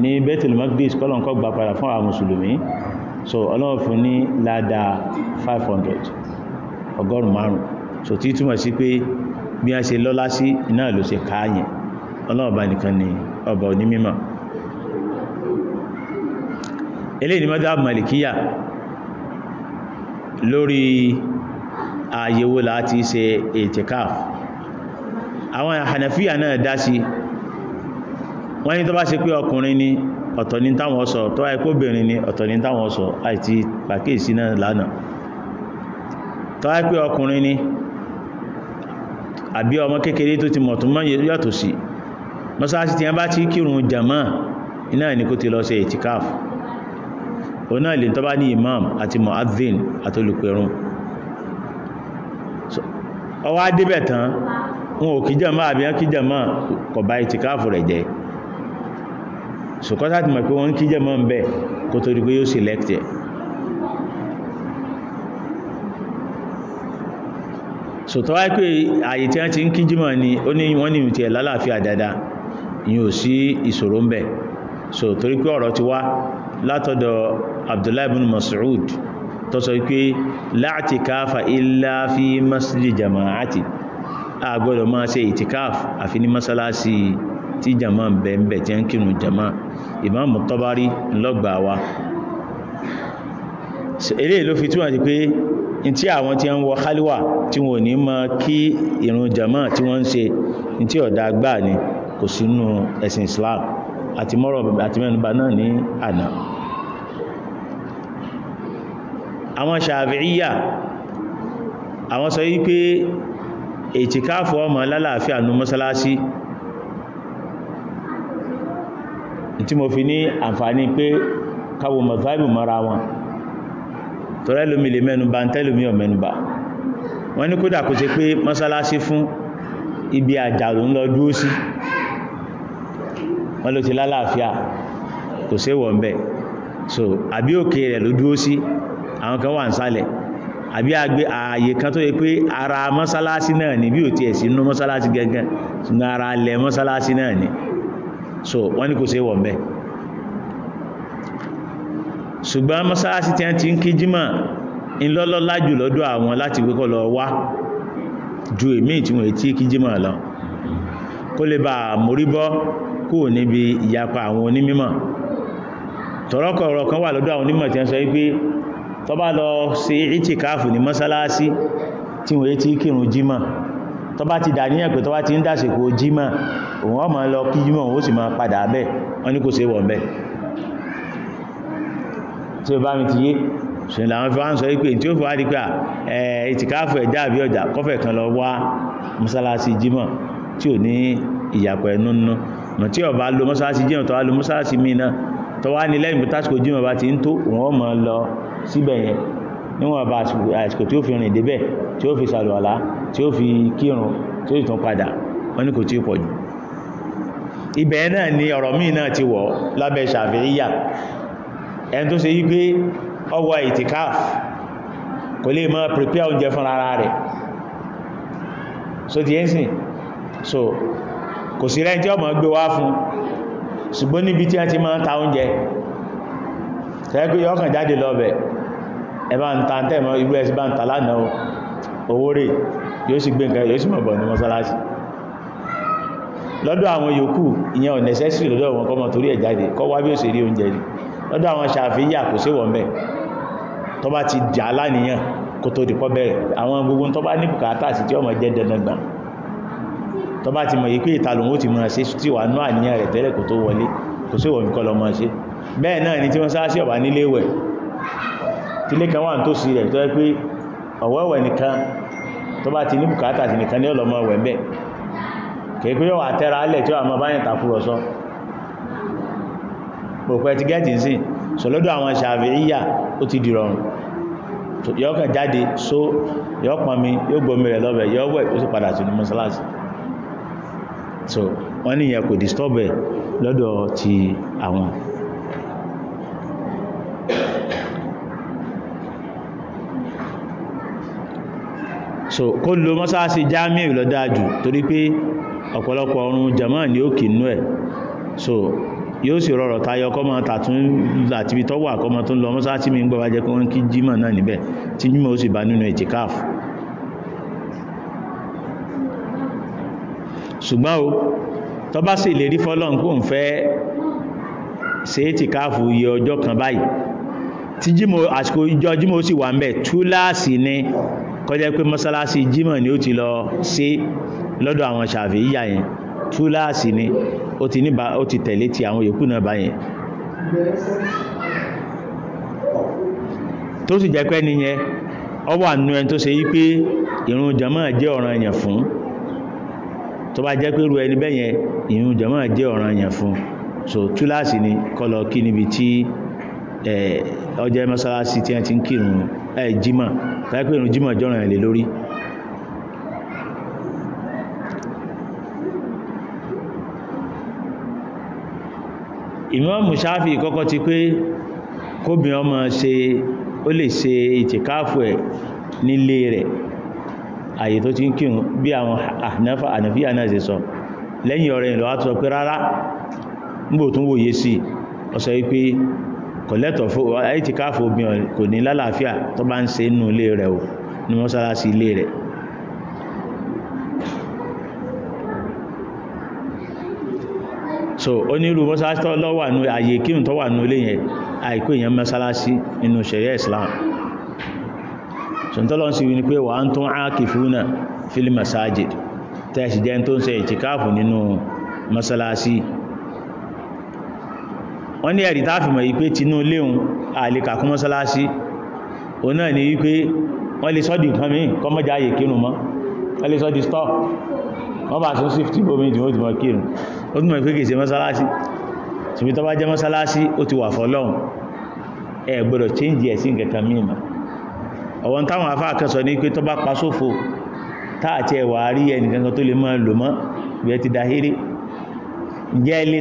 ní Baitul Maqdis kọ́lọ̀nkọ́ gba padà fún àwọn mùsùlùmí so ọlọ́wọ́ fún ní ládá 500 ọgọ́rùn márùn so tí túmọ̀ sí pé bí a ṣe lọ́lá sí iná ló ṣe káàyìn ọlọ́ọ̀bá nìkan ni ọba onímímọ̀ eléyìí ni mọ́dá lórí àyèwò láti ṣe ètìkáf àwọn Hanafiya náà dá sí wọ́n ní tó bá ṣe pé ọkùnrin ni ọ̀tọ̀ ní táwọn sọ tó wáyé kóbìnrin ni ọ̀tọ̀ ní táwọn sọ àìtí pàkíyèsí náà lánàá tó wáyé pé ọkùnrin ni àbí ọmọ kékeré tó ti mọ̀ tó mọ́ yàtọ̀ sí mọ́sáàsì tí wọ́n bá ti kírun jàmá iná ní kó ọwá débẹ̀ tán wọn ò kí jẹ̀mọ́ àbí wọn kí jẹ̀mọ́ kò bá ìtìkáàfù rẹ̀ jẹ́ ṣùkọ́sá ti mọ̀ pé wọ́n kí jẹ̀mọ́ ń bẹ̀ kó tó di pé yóò select ẹ̀ sòtọ́ wáyé pé àyè tí wọ́n ti ń kí jímọ̀ ni ó ní wọ́n ní ìrìntì ẹ̀ lálàáfíà dáadáa ìyẹn ò sí ìṣòro ń bẹ̀ so torí pé ọ̀rọ̀ ti wá látọ̀dọ̀ Abdullahi ibn Mas'ud tó sọ pé láàtìkáfà illa fi masjidi jama'ati a gbọ́dọ̀ máa ṣe ìtìkáf àfi ní masalasi tí jama ń bẹ̀ ń bẹ̀ tí ń kírun jama ìmáàmù tọ́bárí lọ́gbà wa eléyìí ló fi túnmọ̀ sí pé tí àwọn tí ń wọ kálíwà tí wọ́n ní ma kí ìrun jama tí wọ́n ń ṣe tí ọ̀dá gbáà ni kò sínú ẹ̀sìn Islam àti mọ́rọ̀ àti mẹ́nubà náà ní àná àwọn ṣàfihíyà àwọn sọ wípé ètìkáàfù ọmọ lálàáfíà nú mọ́sálásí tí mo fi ní àǹfààní pé káwò mọ̀tàbù mara wọn tọ́rẹ́ lómi lè mẹ́nubà ń tẹ́lómi ọ̀ mẹ́nubà wọ́n ní kódà kó ṣe pé mọ́sálásí fún ibi àjàrò ń lọ dúó sí wọ́n ló ti lálàáfíà kò séwọ̀ ń bẹ̀ so àbí òkè rẹ̀ ló dúó sí àwọn kan wà ń sálẹ̀ àbí àgbé ààyè kan tó yẹ pé ara mọ́sálásí náà ni bí ò tiẹ̀ sí inú mọ́sálásí gẹ́gẹ́ ṣùgbọ́n ara alẹ̀ mọ́sálásí náà ni so wọ́n ní kò ṣe wọ̀ bẹ́ẹ̀ ṣùgbọ́n mọ́sálásí tí wọ́n ti ń kí jímọ̀ ńlọ́lọ́lá jù lọ́dọ̀ àwọn láti pé kó lọ wá ju èmi tí wọ́n ti kí jímọ̀ lọ kó lè bá àmóríbọ́ kú níbi ìyapa àwọn onímọ̀ tọ̀rọ̀kọ̀ọ̀rọ̀ kan wà lọ́dọ̀ àwọn onímọ̀ tí wọ́n sọ wípé tó bá lọ ṣe ìtìkáàfù ní mọ́sálásí tí wọ́n tí kírun jímọ̀ tó bá ti dà níyàn pé tó bá ti ń dàsìkò jímọ̀ òun ọmọ lọ kí jímọ̀ òun ó sì máa padà bẹ́ẹ̀ wọ́n ní kò ṣe wọ̀n bẹ́ẹ̀ tí ó bá mi ti yé ṣe làwọn fi wá ń sọ wípé tí ó fi wá di pé ìtìkáàfù ẹ̀dá àbí ọjà ní lo lẹ́yìn pé tásìkò jímọ̀ bá ti ń tó òun ọmọ lọ síbẹ̀ yẹn níwọ̀n bá àsìkò tí ó fi rìn débẹ̀ tí ó fi sàlùwàlá tí ó fi kírun tí ó sì tún padà wọ́n ní kò tí pọ̀ jù ibẹ̀ náà ni ọ̀rọ̀ míì náà ti wọ̀ lábẹ́ ṣàfihíyà ẹni tó ṣe yí pé ọwọ́ ìtìkáf kò lè máa prepare oúnjẹ fún ara rẹ̀ so ti ẹ́sìn so kò sí rẹ́ tí ọmọ gbé wá fún ṣùgbọ́n níbi tí a ti máa ta oúnjẹ tẹ́gbé yọ́kàn jáde lọ́bẹ̀ ẹbá ń ta tẹ́mọ̀ ibú ẹsì bá ń ta lánàá owó rẹ̀ yóò sì gbé nǹkan yóò sì mọ̀bọ̀ ní mọ́sálásí lọ́dọ̀ àwọn yòókù ìyẹn ọ̀nẹ́sẹ́sì lọ́dọ̀ wọn kọ́mọ torí ẹ̀ jáde kọ́ wá bí ó sì rí oúnjẹ ni lọ́dọ̀ àwọn ṣàfihà kò sí wọ̀n bẹ́ẹ̀ tó bá ti jà láníyàn kó tó dìpọ́ bẹ̀rẹ̀ àwọn gbogbo tó bá ní bùkátà sí tí ọmọ jẹ́ dandan tó bá ti mọ̀ yí pé ìta ti mọ̀ ṣe tí wà nú àníyàn rẹ̀ tẹ́lẹ̀ kó tó wọlé kò sí wọ̀n kọ́ lọ́mọ ṣe bẹ́ẹ̀ náà ni tí wọ́n sáà sí ọ̀bá nílé wẹ̀ tí lé kan wà tó sí rẹ̀ tó yẹ pé ọ̀wẹ́wẹ̀ nìkan tó bá ti ní bùkátà sí nìkan ní ọlọ́mọ wẹ̀ bẹ́ẹ̀ kìí pé yọ́wà tẹ́ra alẹ̀ tí wà mọ́ bá yẹn tàkúrọ̀sọ pòpẹ́ ti gẹ́ẹ̀tì sí sọ lọ́dọ̀ àwọn ṣàfihíyà ó ti dìrọ̀rùn yọ́ kàn jáde só yọ́ pọnmi yóò gbomi rẹ̀ lọ́bẹ̀ yọ́ wẹ̀ ó sì padà sí ní mọ́sálásì so wọ́n ní ìyẹn kò disturb ẹ̀ lọ́dọ̀ ti àwọn so kó lo mọ́sáàsì jamiu lọ dájú torí pé ọ̀pọ̀lọpọ̀ ọrùn jama ni ó kì nú ẹ̀ so yóò sì rọrọ̀ tayọ kọ́mọ tàtún láti ibi tọ́wọ́ àkọ́mọ tó ń lọ mọ́sáàsì mi ń gbọ́ bàjẹ́ kó ń kí jímọ̀ náà níbẹ̀ tí jímọ̀ ó sì bá nínú ìtìkáàfù ṣùgbọ́n o tó bá sì lè rí fọ́lọ́n kó ń fẹ́ ṣe ìtìkáàfù iye ọjọ́ kan báyìí tí àsìkò ìjọ jímọ̀ ó sì wà ń bẹ̀ túláàsì ni kọjá pé mọ́sálásí jímọ̀ ni ó ti lọ sí lọ́dọ̀ àwọn ṣàfi yíyà yẹn ni ó ti níbà ó ti tẹ̀lé ti àwọn yòókù náà báyẹn tó sì jẹ́ pé nìyẹn ọ wà ẹni tó ṣe yí pé ìrun jàmáà jẹ́ ọ̀ràn èèyàn fún tó bá jẹ́ pé ru ẹni bẹ́yẹn so túláàsì ni kọlọ kí níbi tí ọjọ́ mọ́sálásí tí wọ́n ti ń kírun ẹ̀ jima. láì pé ìrun jímọ̀ lórí ti pé kóbìn ọmọ ṣe ó lè ṣe ìtìkáàfù ẹ̀ nílé rẹ̀ àyè tó ti ń kírun bí àwọn ànàfíà náà ṣe sọ lẹ́yìn ọ̀rẹ́ ìlọ́wà tó sọ pé rárá ń gbò tún wòye sí kọ̀lẹ́tọ̀ fún àìtíkáàfù obìnrin kò ní lálàáfíà tó bá ń ṣe inú ilé rẹ̀ o ní mọ́sálásí ilé rẹ̀ so onírú mọ́sálásí tó lọ́wà ní àyè kírùn tó wà ní ilé yẹn àìkó èèyàn mọ́sálásí nínú ṣẹ̀rẹ́ Islam sọ̀tọ́lọ́n sì wí ni pé wà ń tún ákìfúnà fil masajid tẹ́ẹ̀sì jẹ́ tó ń ṣe ìtíkáàfù nínú mọ́sálásí wọ́n ní ẹ̀rí táàfìmọ̀ yìí pé tinú léhun kún mọ́sálásí òun náà ni wípé wọ́n lè sọ́dì nǹkan mí kọ́mọ́já àyè kírun mọ́ wọ́n lè sọ́dì stop wọ́n bá tún sí ma omi ìdìmọ̀ ìdìmọ̀ kírun ó túnmọ̀ pé kìí ṣe mọ́sálásí ṣùgbọ́n jẹ́ ó ti wà fọ́lọ́hun ma ti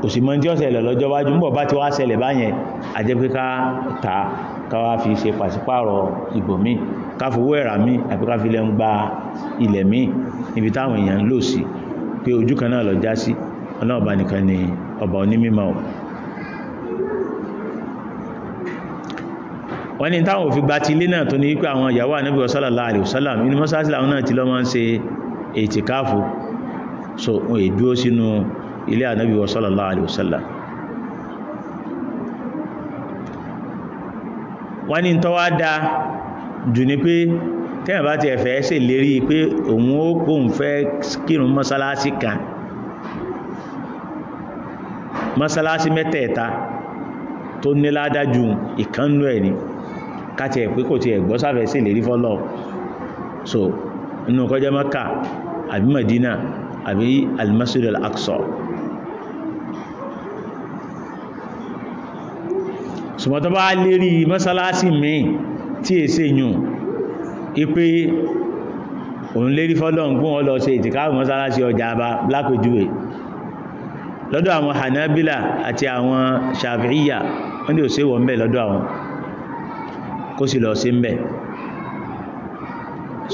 kò sí mọ́ tí ó ṣẹlẹ̀ lọ́jọ́ wájú ń bá ti wá ṣẹlẹ̀ báyẹn àjẹ́pé ta káwá fi ṣe pàṣípààrọ̀ ìbòmí káfowó ẹ̀rà mí àbí ká fi lẹ́ ń gba ilẹ̀ mí níbi táwọn èèyàn lò sí pé ojú kan náà lọ já sí ọlọ́ọ̀bá nìkan ni ọba onímímọ̀ wọ́n ní táwọn òfin gba ti ilé náà tó ní wípé àwọn ìyàwó ànábì sallallahu alaihi wasallam inú mọ́sáàsì làwọn náà ti lọ́ máa ń ṣe ètìkáàfù so èdúró sínú ilé ànábì wa sallallahu alaihi wasallam wọ́n ní tọ́wá dá jù ní pé tẹ́yàn bá ti ẹ̀fẹ́ ṣe lérí pé òun ó kóhùn fẹ́ kírun mọ́sálásí kan mọ́sálásí mẹ́tẹ̀ẹ̀ta tó ní ládájú ẹ̀ ni káti ẹ̀ pé kò ti ẹ̀gbọ́ sáfẹ́ sí ìlérí fọ́lọ̀ so inú kọjá Mẹ́kà àbí Madina àbí al-Masjid al ṣùgbọ́n tó bá lérí mọ́sálásí míì tí èsè yùn ipé òun lérí fọ́lọ́ǹgún wọn lọ ṣe ìtìkáàrù mọ́sálásí ọjà bá lápèjúwe lọ́dọ̀ àwọn Hanabila àti àwọn Shafi'iyya wọ́n ni ò sí wọ́n bẹ̀ lọ́dọ̀ àwọn kó sì lọ sí ń bẹ̀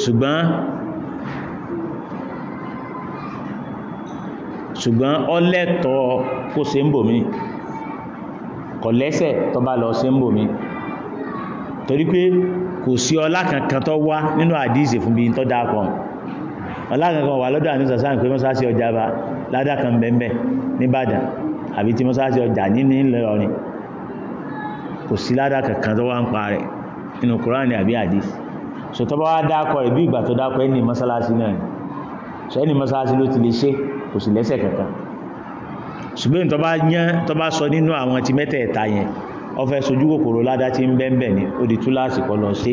ṣùgbọ́n ṣùgbọ́n ọlẹ́tọ̀ọ́ kó se ń bòmí kọ̀ lẹ́sẹ̀ tó bá lọ sí ń bò mí torí pé kò sí ọlá kankan tó wá nínú àdíìsì fún bí tó dáa kan ọlá kankan wà lọ́dọ̀ àníṣà sáà pé mọ́sáàsì ọjà bá ládà kan bẹ́ẹ̀ nìbàdàn àbí tí mọ́sáàsì ọjà nínú Ìlọrin kò sí ládà kankan tó wá ń pa rẹ̀ nínú Kùránì àbí àdíìsì so tó bá wá dákọ̀ rẹ̀ bí ìgbà tó dákọ̀ ẹni mọ́sálásí náà ni so ẹni mọ́sálásí ló ti lè ṣe kò sí lẹ́sẹ̀ kankan ṣùgbọ́n tó bá yán tó bá sọ nínú àwọn ti mẹ́tẹ̀ẹ̀ta yẹn ọfẹ́ sojú kòkòrò ládá tí ń bẹ́ẹ̀ ní ó di túláàsì kọ́ lọ sí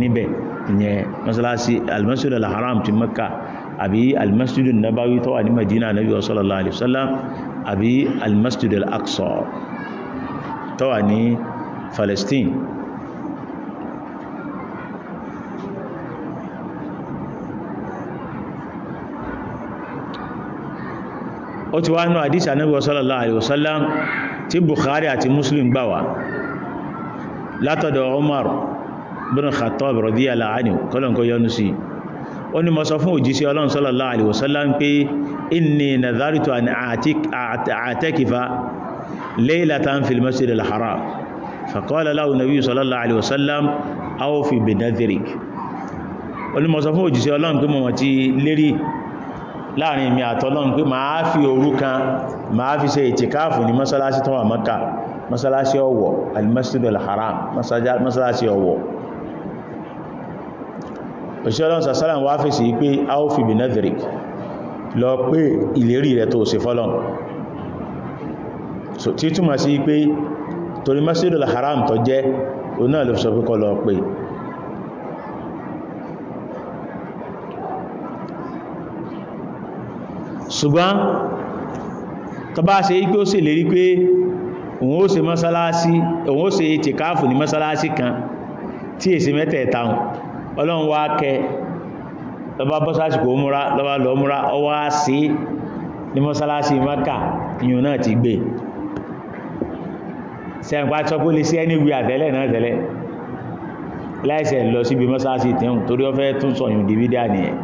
níbẹ̀ ìyẹn mọ́sálásí almasjid alharam ti mẹ́kà àbí almasjid nabawi tó wà ní madina nabi sallallahu alaihi àbí almasjid al tó wà ní palestine ó ti wá nú àdísì Ànábì sallallahu alaihi wasallam tí Bukhari àti Muslim gbà wá látọ̀dọ̀ Umar bin Khattab radiyallahu anhu kọ́lọ̀nkọ́ yọnu sí ó ní mo sọ fún òjíṣẹ́ Ọlọ́run sallallahu alaihi wasallam pé inni nadharitu an a'takifa laylatan fil masjidil haram faqala lahu nabiyyu sallallahu alaihi wasallam awfi bi nadhrik ó ní mo láàrin mi àtọ́lọ́n pé máa fi òru kan máa fi ṣe ìtìkáàfù ní mọ́sálásí tó wà mọ́ka mọ́sálásí ọ̀wọ̀ al-masjid al-haram mọ́sálásí ọ̀wọ̀ òṣìṣẹ́lọ́n sàsálàm wá fèsì pé a ó fi benedict lọ pé ìlérí rẹ̀ tó ṣe fọ́lọ́n tí túmọ̀ sí pé torí masjid al ṣùgbọ́n tó bá ṣe pé ó sì lérí pé òun ó ṣe mọ́sálásí òun ó ṣe ìtìkáàfù ní mọ́sálásí kan tí èsì mẹ́tẹ̀ẹ̀ta hùn ọlọ́run wá kẹ lọ́bá bọ́sásìkò múra lọ́bá lọ múra ọwá sí ní mọ́sálásí mọ́kà yìí náà ti gbé sẹ́ǹpá tọ́kó lè sí ẹni wí àtẹ́lẹ̀ náà tẹ́lẹ̀ láìsẹ̀ lọ síbi mọ́sálásí tẹ́hùn torí ọ tún sọ̀yùn dìbídà nìyẹn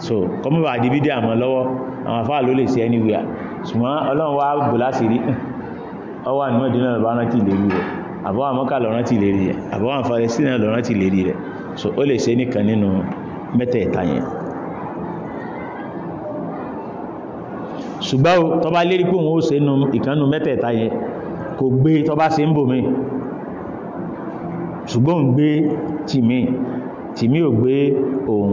so kọmọ̀ bá dìbí dí àmọ́ lọ́wọ́ àwọn afáà ló lè ṣe anywhere ṣùgbọ́n ọlọ́run wá bò láti rí ọwọ́ àníwọ̀ dínà lọ́bá rántí ìlérí rẹ̀ àbọ́wà mọ́kà lọ rántí ìlérí rẹ̀ àbọ́wà fàrẹsínà lọ rántí ìlérí rẹ̀ so ó lè ṣe nìkan nínú mẹ́tẹ̀ẹ̀ta yẹn ṣùgbọ́n tó bá lérí pé òun ó ṣe nù ìkànnù mẹ́tẹ̀ẹ̀ta yẹn kò gbé tó bá ṣe ń bò mí ṣùgbọ́n gbé tìmí tìmí ò gbé òun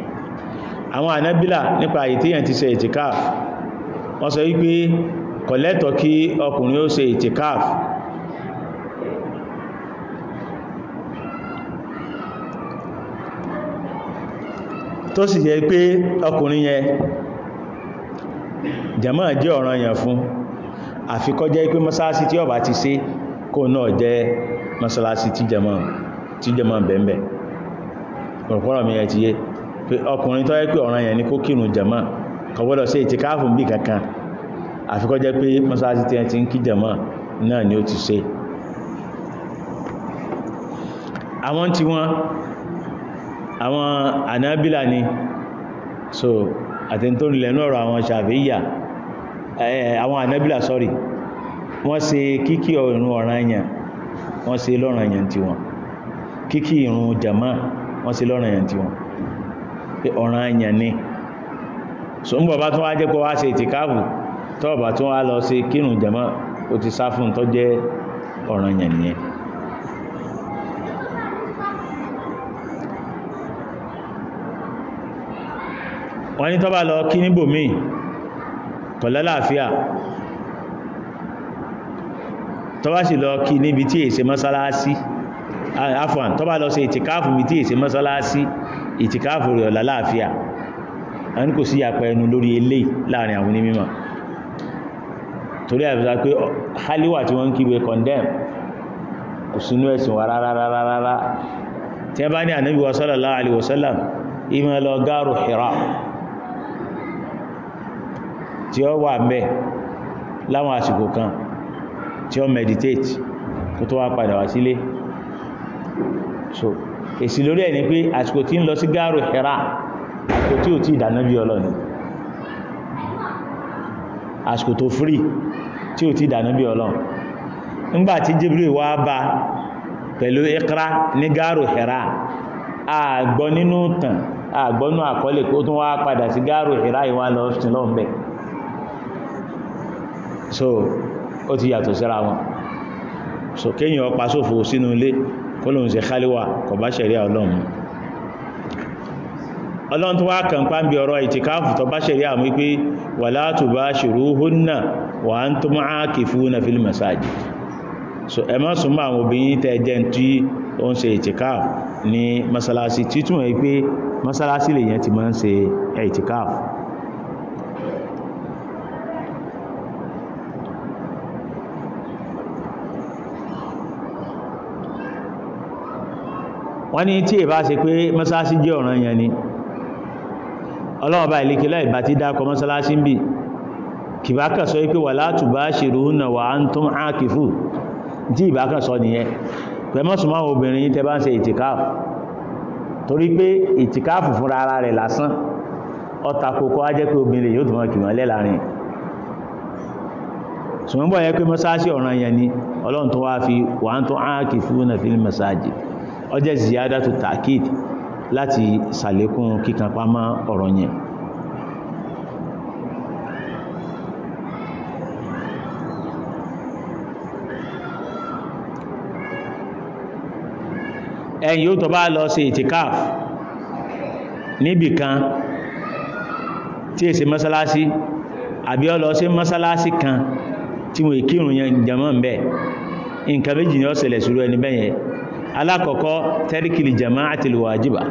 àwọn ànábílà nípa àyètíyàn ti ṣe ìtìkáf wọ́n sọ wípé kọ̀lẹ́tọ̀ kí ọkùnrin ó ṣe ìtìkáf tó sì jẹ́ pé ọkùnrin yẹn jàmá jẹ́ ọ̀ràn yẹn fún àfikọ́ jẹ́ pé mọ́sálásí tí ó bá ti ṣe kó náà jẹ́ mọ́sálásí tí jàmá bẹ̀m̀bẹ̀ ọ̀pọ̀rọ̀ mi ẹ̀ ti yé ọkùnrin tó yẹ pé ọ̀ràn yẹn ni kó kírun jàmá kò gbọ́dọ̀ ṣe ìtìkáàfù bí kankan àfikọ́ jẹ́ pé mọ́sálásí tí ẹ ti ń kí jàmá náà ni ó ti ṣe àwọn tí wọ́n àwọn ànábílà ni so àti tó ń lẹ́nu ọ̀rọ̀ àwọn ṣàfíyà àwọn ànábílà sọ́rì wọ́n ṣe kíkí ìrun ọ̀ràn èèyàn wọ́n ṣe lọ́ràn èèyàn tí wọ́n kíkí ìrun jàmá tí wọ́n pé ọ̀ràn èèyàn ni so ń bọ̀ tún wá jẹ́ wá ṣe ìtìkáàbù tọ́ọ̀bà tún wá lọ sí kírun jẹ̀mọ́ o ti sá fún tó jẹ́ ọ̀ràn nìyẹn wọ́n lọ kí níbòmí kọ̀lẹ́láàfíà tọ́bà sì lọ kí níbi tí èsè mọ́sálásí afọ̀n ìtìkáàfù rẹ̀ ọ̀la láàfíà a ní kò sí àpẹ ẹnu lórí eléyìí láàrin àwọn onímọ̀ torí àbúrà pé haliwa tí wọ́n ń kíwe condemn kò sínú ẹ̀sìn wa rárárárá tí wọ́n bá ní ànábì wa sallallahu alaihi wasallam ìmọ̀ lọ gáàrù Hira tí ó wà mẹ́ láwọn àsìkò kan tí ó meditate kó tó wá padà wá sílé so èsì lórí ẹ̀ ni pé àsìkò tí ń lọ sí gáàrò Hira àsìkò tí ò tí ìdáná bí ọlọ́ni àsìkò tó fírí tí ò tí ìdáná bí ọlọ́n nígbà tí Jibril wá bá pẹ̀lú Iqra ní gáàrò Hira àgbọ́ nínú tàn àgbọ́nú àkọọ́lẹ̀ kó tún wá padà sí gáàrò Hira ìwà lọ so ó ti yàtọ̀ so kéèyàn ọpa sófò sínú ilé kó lóun ṣe káliwà kò bá ṣẹ̀rí ọlọ́run ọlọ́run tó wá kànpá ń bí ọ̀rọ̀ ìtìkáàfù tó bá ṣẹ̀rí àmú pé wala tubashiruhunna wa antum aakifuna fil masajid so ẹ má súnmọ́ àwọn obìnrin tẹ́ jẹ́ tí ó ń ṣe ìtìkáàfù ní masalasi títún ẹ̀ pé masalasi lèyàn ti máa ń ṣe ìtìkáàfù wọ́n ní tí èbá ṣe pé mọ́sálásí jẹ́ ọ̀ràn yẹn ni ọlọ́ọ̀bá ìlékè láì bá ti dákọ mọ́sálásí ń bì kìbákà sọ wípé wala wa antum akifu tí ìbákà sọ nìyẹn pẹ̀mọ́sùmọ́ obìnrin yìí tẹ́ bá ń ṣe ìtìkáàfù torí pé ìtìkáàfù fúnra ara rẹ̀ lásán ọta kòkó á jẹ́ pé obìnrin yóò dùnmọ́ kìmọ̀ lẹ́ láàrin ṣùgbọ́n bọ̀ yẹ pé mọ́sálásí ọ̀ràn yẹn ni ọlọ́run tó wá fi wa antum akifuna fil masajid ó ziyada tó takid láti sàlékún kíkànpá má ọ̀rọ̀ yẹn ẹ̀yìn yóò tó bá lọ sí ìtìkáf níbìkan tí èsì mọ́sálásí àbí ó lọ sí mọ́sálásí kan tí wọ́n ìkírùn yẹn jẹmọ́ ń bẹ̀ nǹkan méjì ni ó sùúrù ẹni bẹ́yẹn alákọ̀ọ́kọ́ tẹ́ríkìlì jama àti lùwàjíbà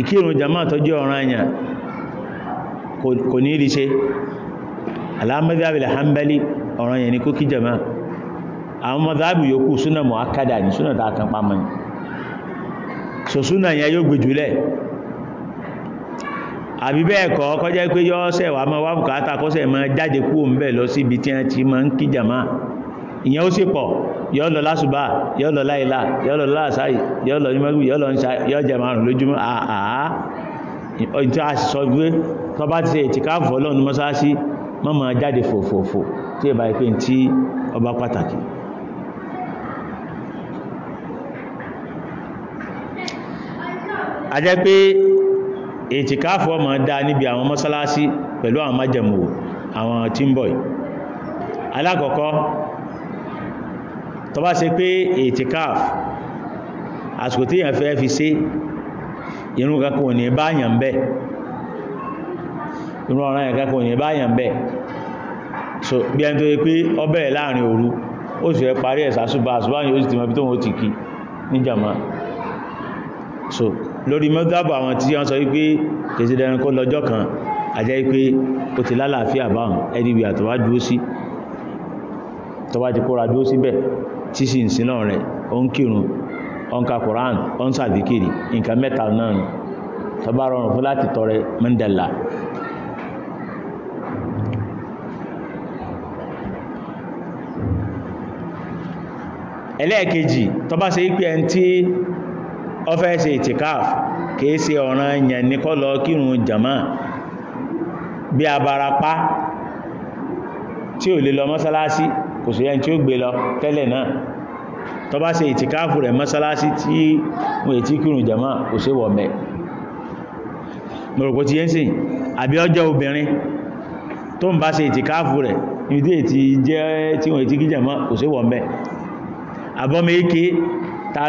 ìkírun jama tó jẹ́ ọ̀ranyàn kò ní rí ṣe alámọ́dábìlẹ̀ hanbali ọ̀ranyàn ní kó kí jama àwọn mọ́dábì yòókù súnà mọ̀ akádà ní súnà tá a kan pamọ́ ni so súnà yẹn yóò gbèjúlẹ̀ àbí bẹ́ẹ̀ kọ́ kọjá pé yọ́ sẹ̀wà máa wá bùkátà kọ́sẹ̀ máa jáde kúrò ń bẹ̀ lọ sí tí wọ́n ti máa ń kí jama ìyẹn ó sì pọ̀ yọ́ lọ lásùbà yọ́ lọ láìlà yọ́ lọ láàsáì yọ́ lọ nímọ́gbì yọ́ lọ ń sa yọ́ jẹ márùn lójúmọ́ àá ìjọ àṣìṣọ́ gbé tó bá ti ṣe ìtìká fọ́ lọ́nu mọ́sáàsí mọ́mọ́ jáde fòfòfò tí ìbá ìpé tí ọba pàtàkì a jẹ́ pé ìtìká fọ́ mọ́ dá níbi àwọn mọ́sálásí pẹ̀lú àwọn májẹ̀mú àwọn tí ń bọ̀ alákọ̀ọ́kọ́ tó bá ṣe pé ètìkáf àsìkò tí èyàn fẹ́ fi ṣe irun kankan ò ní báyàn bẹ́ irun ọ̀ràn yẹn kankan ò ní báyàn bẹ́ so bí ẹni tó yẹ pé ó bẹ̀rẹ̀ láàrin òru ó sì rẹ̀ parí ẹ̀ sàṣùbà àṣùbà yìí sì ti mọ̀ bí tóun ó ti kí níjàmá so lórí mọ́tàbọ̀ àwọn tí wọ́n sọ wípé kèsì dẹrin kó lọ́jọ́ kan àjẹ́ wípé ó ti lálàáfíà báwọn ẹni bí àtọ́wá dúó sí tọ́wá ti kóra dúó síbẹ̀ tí sì ń sinà rẹ̀ ó ń kírun ó ń ka Quran ó ń sàdíkìrì nǹkan mẹ́ta náà ni tó bá rọrùn fún láti tọrẹ mẹ́ndẹ̀lá ẹlẹ́ẹ̀kejì tó bá ṣe wípé ẹn tí ó fẹ́ kìí ṣe ọ̀ràn èèyàn ní kírun jàmá bí abarapá tí ò lè lọ mọ́sálásí kò sí ẹni tí ó gbé lọ tẹ́lẹ̀ náà tó bá ṣe ìtìkáàfù rẹ̀ mọ́sálásí tí wọ́n ètí kírùn jàmá kò sí wọ̀ mẹ́ mọ̀rọ̀kọ́ ti yẹ́ sí àbí ọjọ́ obìnrin tó ń bá ṣe ìtìkáàfù rẹ̀ ìdí ètí jẹ́ tí wọ́n ètí kí jàmá kò sí wọ̀ mẹ́ àbọ́mẹ́ ike ta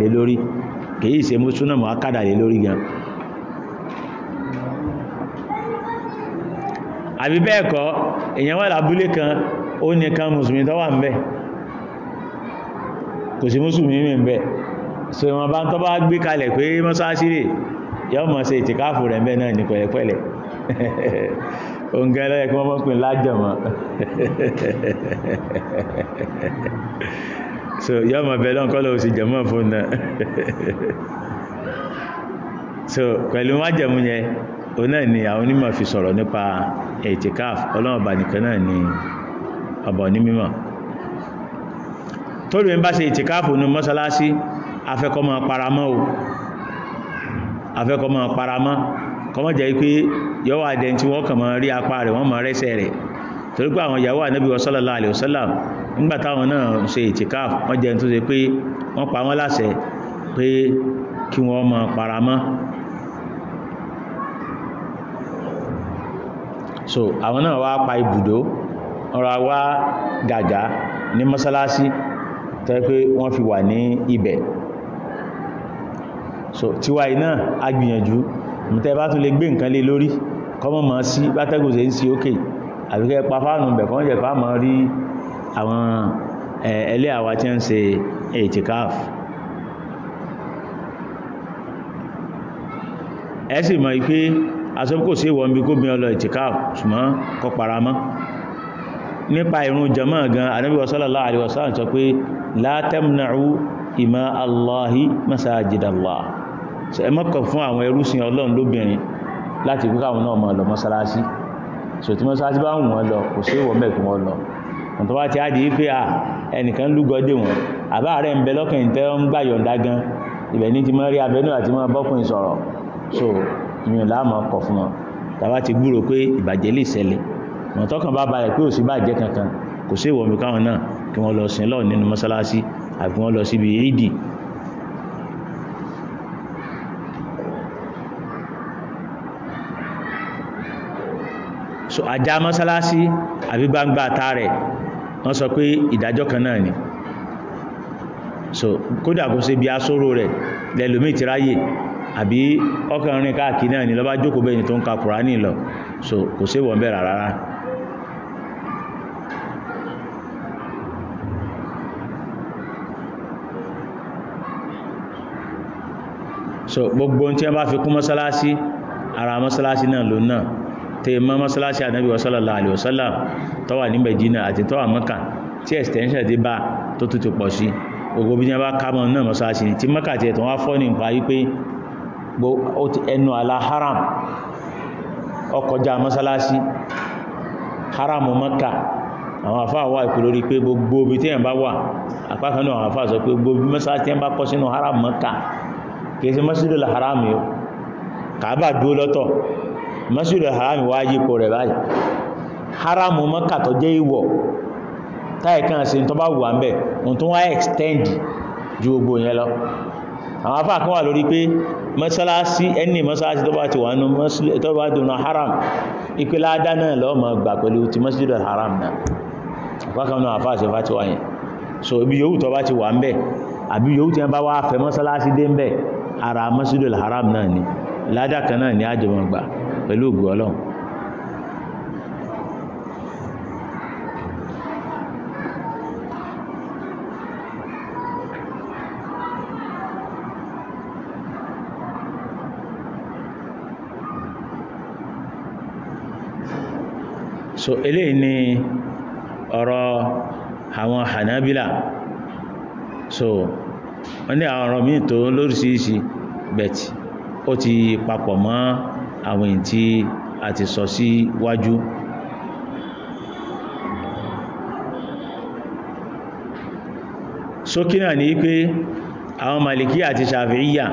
lè lórí kìí ṣe mú súnà mọ́ akádà lé lórí gan àbí bẹ́ẹ̀ kọ́ èèyàn wà lábúlé kan ó nìkan mùsùlùmí tó wà ń bẹ̀ kò sí mùsùlùmí mi ń bẹ̀ so ìwọ̀n bá ń tọ́ bá gbé kalẹ̀ pé mọ́sáàsì rè yọ́ mọ̀ ṣe ìtìkáàfù rẹ̀ ń bẹ̀ náà ní pẹ̀lẹ́pẹ̀lẹ́ oúnjẹ ẹlẹ́yẹ mọ́ pè lájọ̀ so yọ́ mọ̀ bẹ̀lọ́n kọ́lọ̀ òsì jẹ̀mọ́ fún náà so pẹ̀lú májẹ̀mú yẹn o náà ni àwọn onímọ̀ fi sọ̀rọ̀ nípa etikaf ọlọ́run ọba nìkan náà ni ọba onímọ̀ tó rí ń bá ṣe etikaf ní mọ́sálásí afẹ́kọ́mọ́ paramọ́ o afẹ́kọ́mọ́ paramọ́ kọmọ́ jẹ́ pé yọ́wà dẹ̀ tí wọ́n kàn mọ́ rí apá rẹ̀ wọ́n mọ́ rẹ́sẹ̀ rẹ̀ torí pé àwọn ìyàwó ànábì sallallahu nígbàtàwọn náà ṣe ìtìkáf wọ́n jẹ́ tó ṣe pé wọ́n pa wọ́n láṣẹ pé kí wọ́n má paramọ́ so àwọn náà wá pa ibùdó ọ̀rọ̀ wá gàgá ní mọ́sálásí tẹ́ pé wọ́n fi wà ní ibẹ̀ so tiwa iná agbìyànjú mùtẹ́ bá tún lè gbé nǹkan lé lórí kọ́mọ̀ mọ́ sí bátẹ́gùn sí òkè àbíkẹ́ pa fáànù bẹ̀ kọ́ fáàmọ́ rí àwọn ẹlẹ́ àwa tí ń se ètìkáf ẹ sì mọ̀ pé asọ́pọ̀ sí ìwọ̀n bí kó bí ọlọ ètìkáf ṣùgbọ́n kọ paramọ́ nípa ìrun jàmá gan Ànábì sallallahu sọ pé tamna'u ima Allahi masajidallah fún àwọn ẹrúsìn Ọlọ́run lóbìnrin láti náà lọ mọ́sálásí tó bá ti á di pé à ẹnìkan lúgọdé wọn àbá rẹ̀ ń bẹ lọ́kàn ìtẹ́ ń gbà yọ̀ǹda gan ibẹ̀ ní ti mọ́ rí abẹ́nú àti mọ́ bọ́kùnrin sọ̀rọ̀ so ìyẹn láàmọ́ kọ̀ fún wọn tàbá ti gbúrò pé ìbàjẹ́ lè ṣẹlẹ̀ wọn tọkàn bá balẹ̀ pé òsì bàjẹ́ kankan kò sí ìwọ̀nmi káwọn náà kí wọ́n lọ sin lọ́ọ̀ nínú mọ́sálásí àbí wọ́n lọ síbi ìdì so ajá mọ́sálásí àbí gbangba ta rẹ̀ wọ́n sọ pé ìdájọ́ kan náà ni so kódà kó ṣe bí asóró rẹ̀ lẹ́lòmí ti ráyè àbí ọkùnrin káàkiri náà ni lọ́bá jókòó bẹ́ẹ̀ tó ń ka kùránì lọ so kò sí wọ́n bẹ̀rẹ̀ rárá so gbogbo ohun tí wọ́n bá fi kún mọ́sálásí ara mọ́sálásí náà ló tẹ mọ́ mọ́sálásí ànábì sallallahu alaihi wasallam tó wà ní Medina àti tó wà Mọ́kà tí extension dé bá tó tún ti pọ̀ sí gbogbo bí wọ́n bá ká mọ́ náà mọ́sálásí tí Mọ́kà tiẹ̀ tó wá fọ́ ní nípa wípé ẹnu àlà haram ọkọjá mọ́sálásí haram Mọ́kà àwọn àfáà wà ìpò lórí pé gbogbo ibi tí èèyàn bá wà àpákanú àwọn àfáà sọ pé gbogbo mọ́sálásí tí bá kọ́ sínú haram Mọ́kà kìí sí mọ́sílò haram yìí kàábà dúó lọ́tọ̀ masjidul haram wá yípo rẹ̀ báyìí haram mọ́kà tó jẹ́ ìwọ̀ táìkan sí tó bá wà ń bẹ̀ ohun tó wá extend ju gbogbo yẹn lọ àwọn afá kan wà lórí pé mọ́sálásí ẹni mọ́sálásí tó bá ti wà nù tó bá dùnà haram ìpìlá dá náà lọ́ọ́ mọ̀ gbà pẹ̀lú ti masjidul haram náà àpákan náà àfá àṣẹfà ti wà yẹn so ibi yòówù tó bá ti wà ń bẹ̀ àbí yòówù tí wọ́n bá wá fẹ́ mọ́sálásí dé ara masjidul haram náà ni ládàkan náà ni àjẹmọ̀ pẹ̀lú ògo Ọlọ́run. so eléyìí ni ọ̀rọ̀ àwọn Hanabila so wọ́n ní àwọn ọ̀rọ̀ míì tó lóríṣiríṣi bẹ̀tì ó ti papọ̀ mọ́ àwọn èyí tí a ti sọ sí wájú sókí náà ni pé àwọn Màlìkí àti Ṣàfi'íyà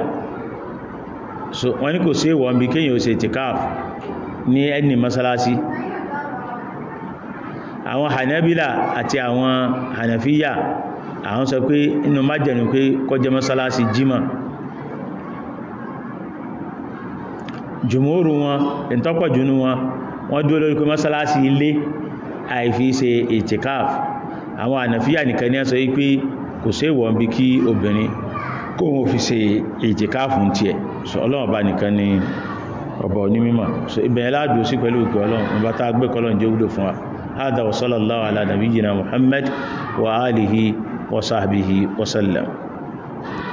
so wọ́n ní kò sí ìwọ̀n bí kíyàn ó ṣe itikaf ní ẹni masalasi àwọn Hanabila àti àwọn Hanafiya àwọn sọ pé inú májẹ̀nù pé kó masalasi jima jùmúrù wọn ìtọ́pọ̀ jùnú wọn wọ́n dúró lórí pé mọ́sálásí ilé àìfi ṣe ìtìkáf àwọn ànàfíà nìkan ní ẹsọ wípé kò sí ìwọ̀n bí kí obìnrin kó wọn fi ṣe ìtìkáf ń tiẹ̀ ọlọ́run bá nìkan ni ọba onímọ̀ so ibẹ̀rẹ̀ láàdùn sí pẹ̀lú òkè ọlọ́run nígbà tá a gbé kọlọ́run jẹ́ wúlò fún wa هذا وصلى الله على نبينا محمد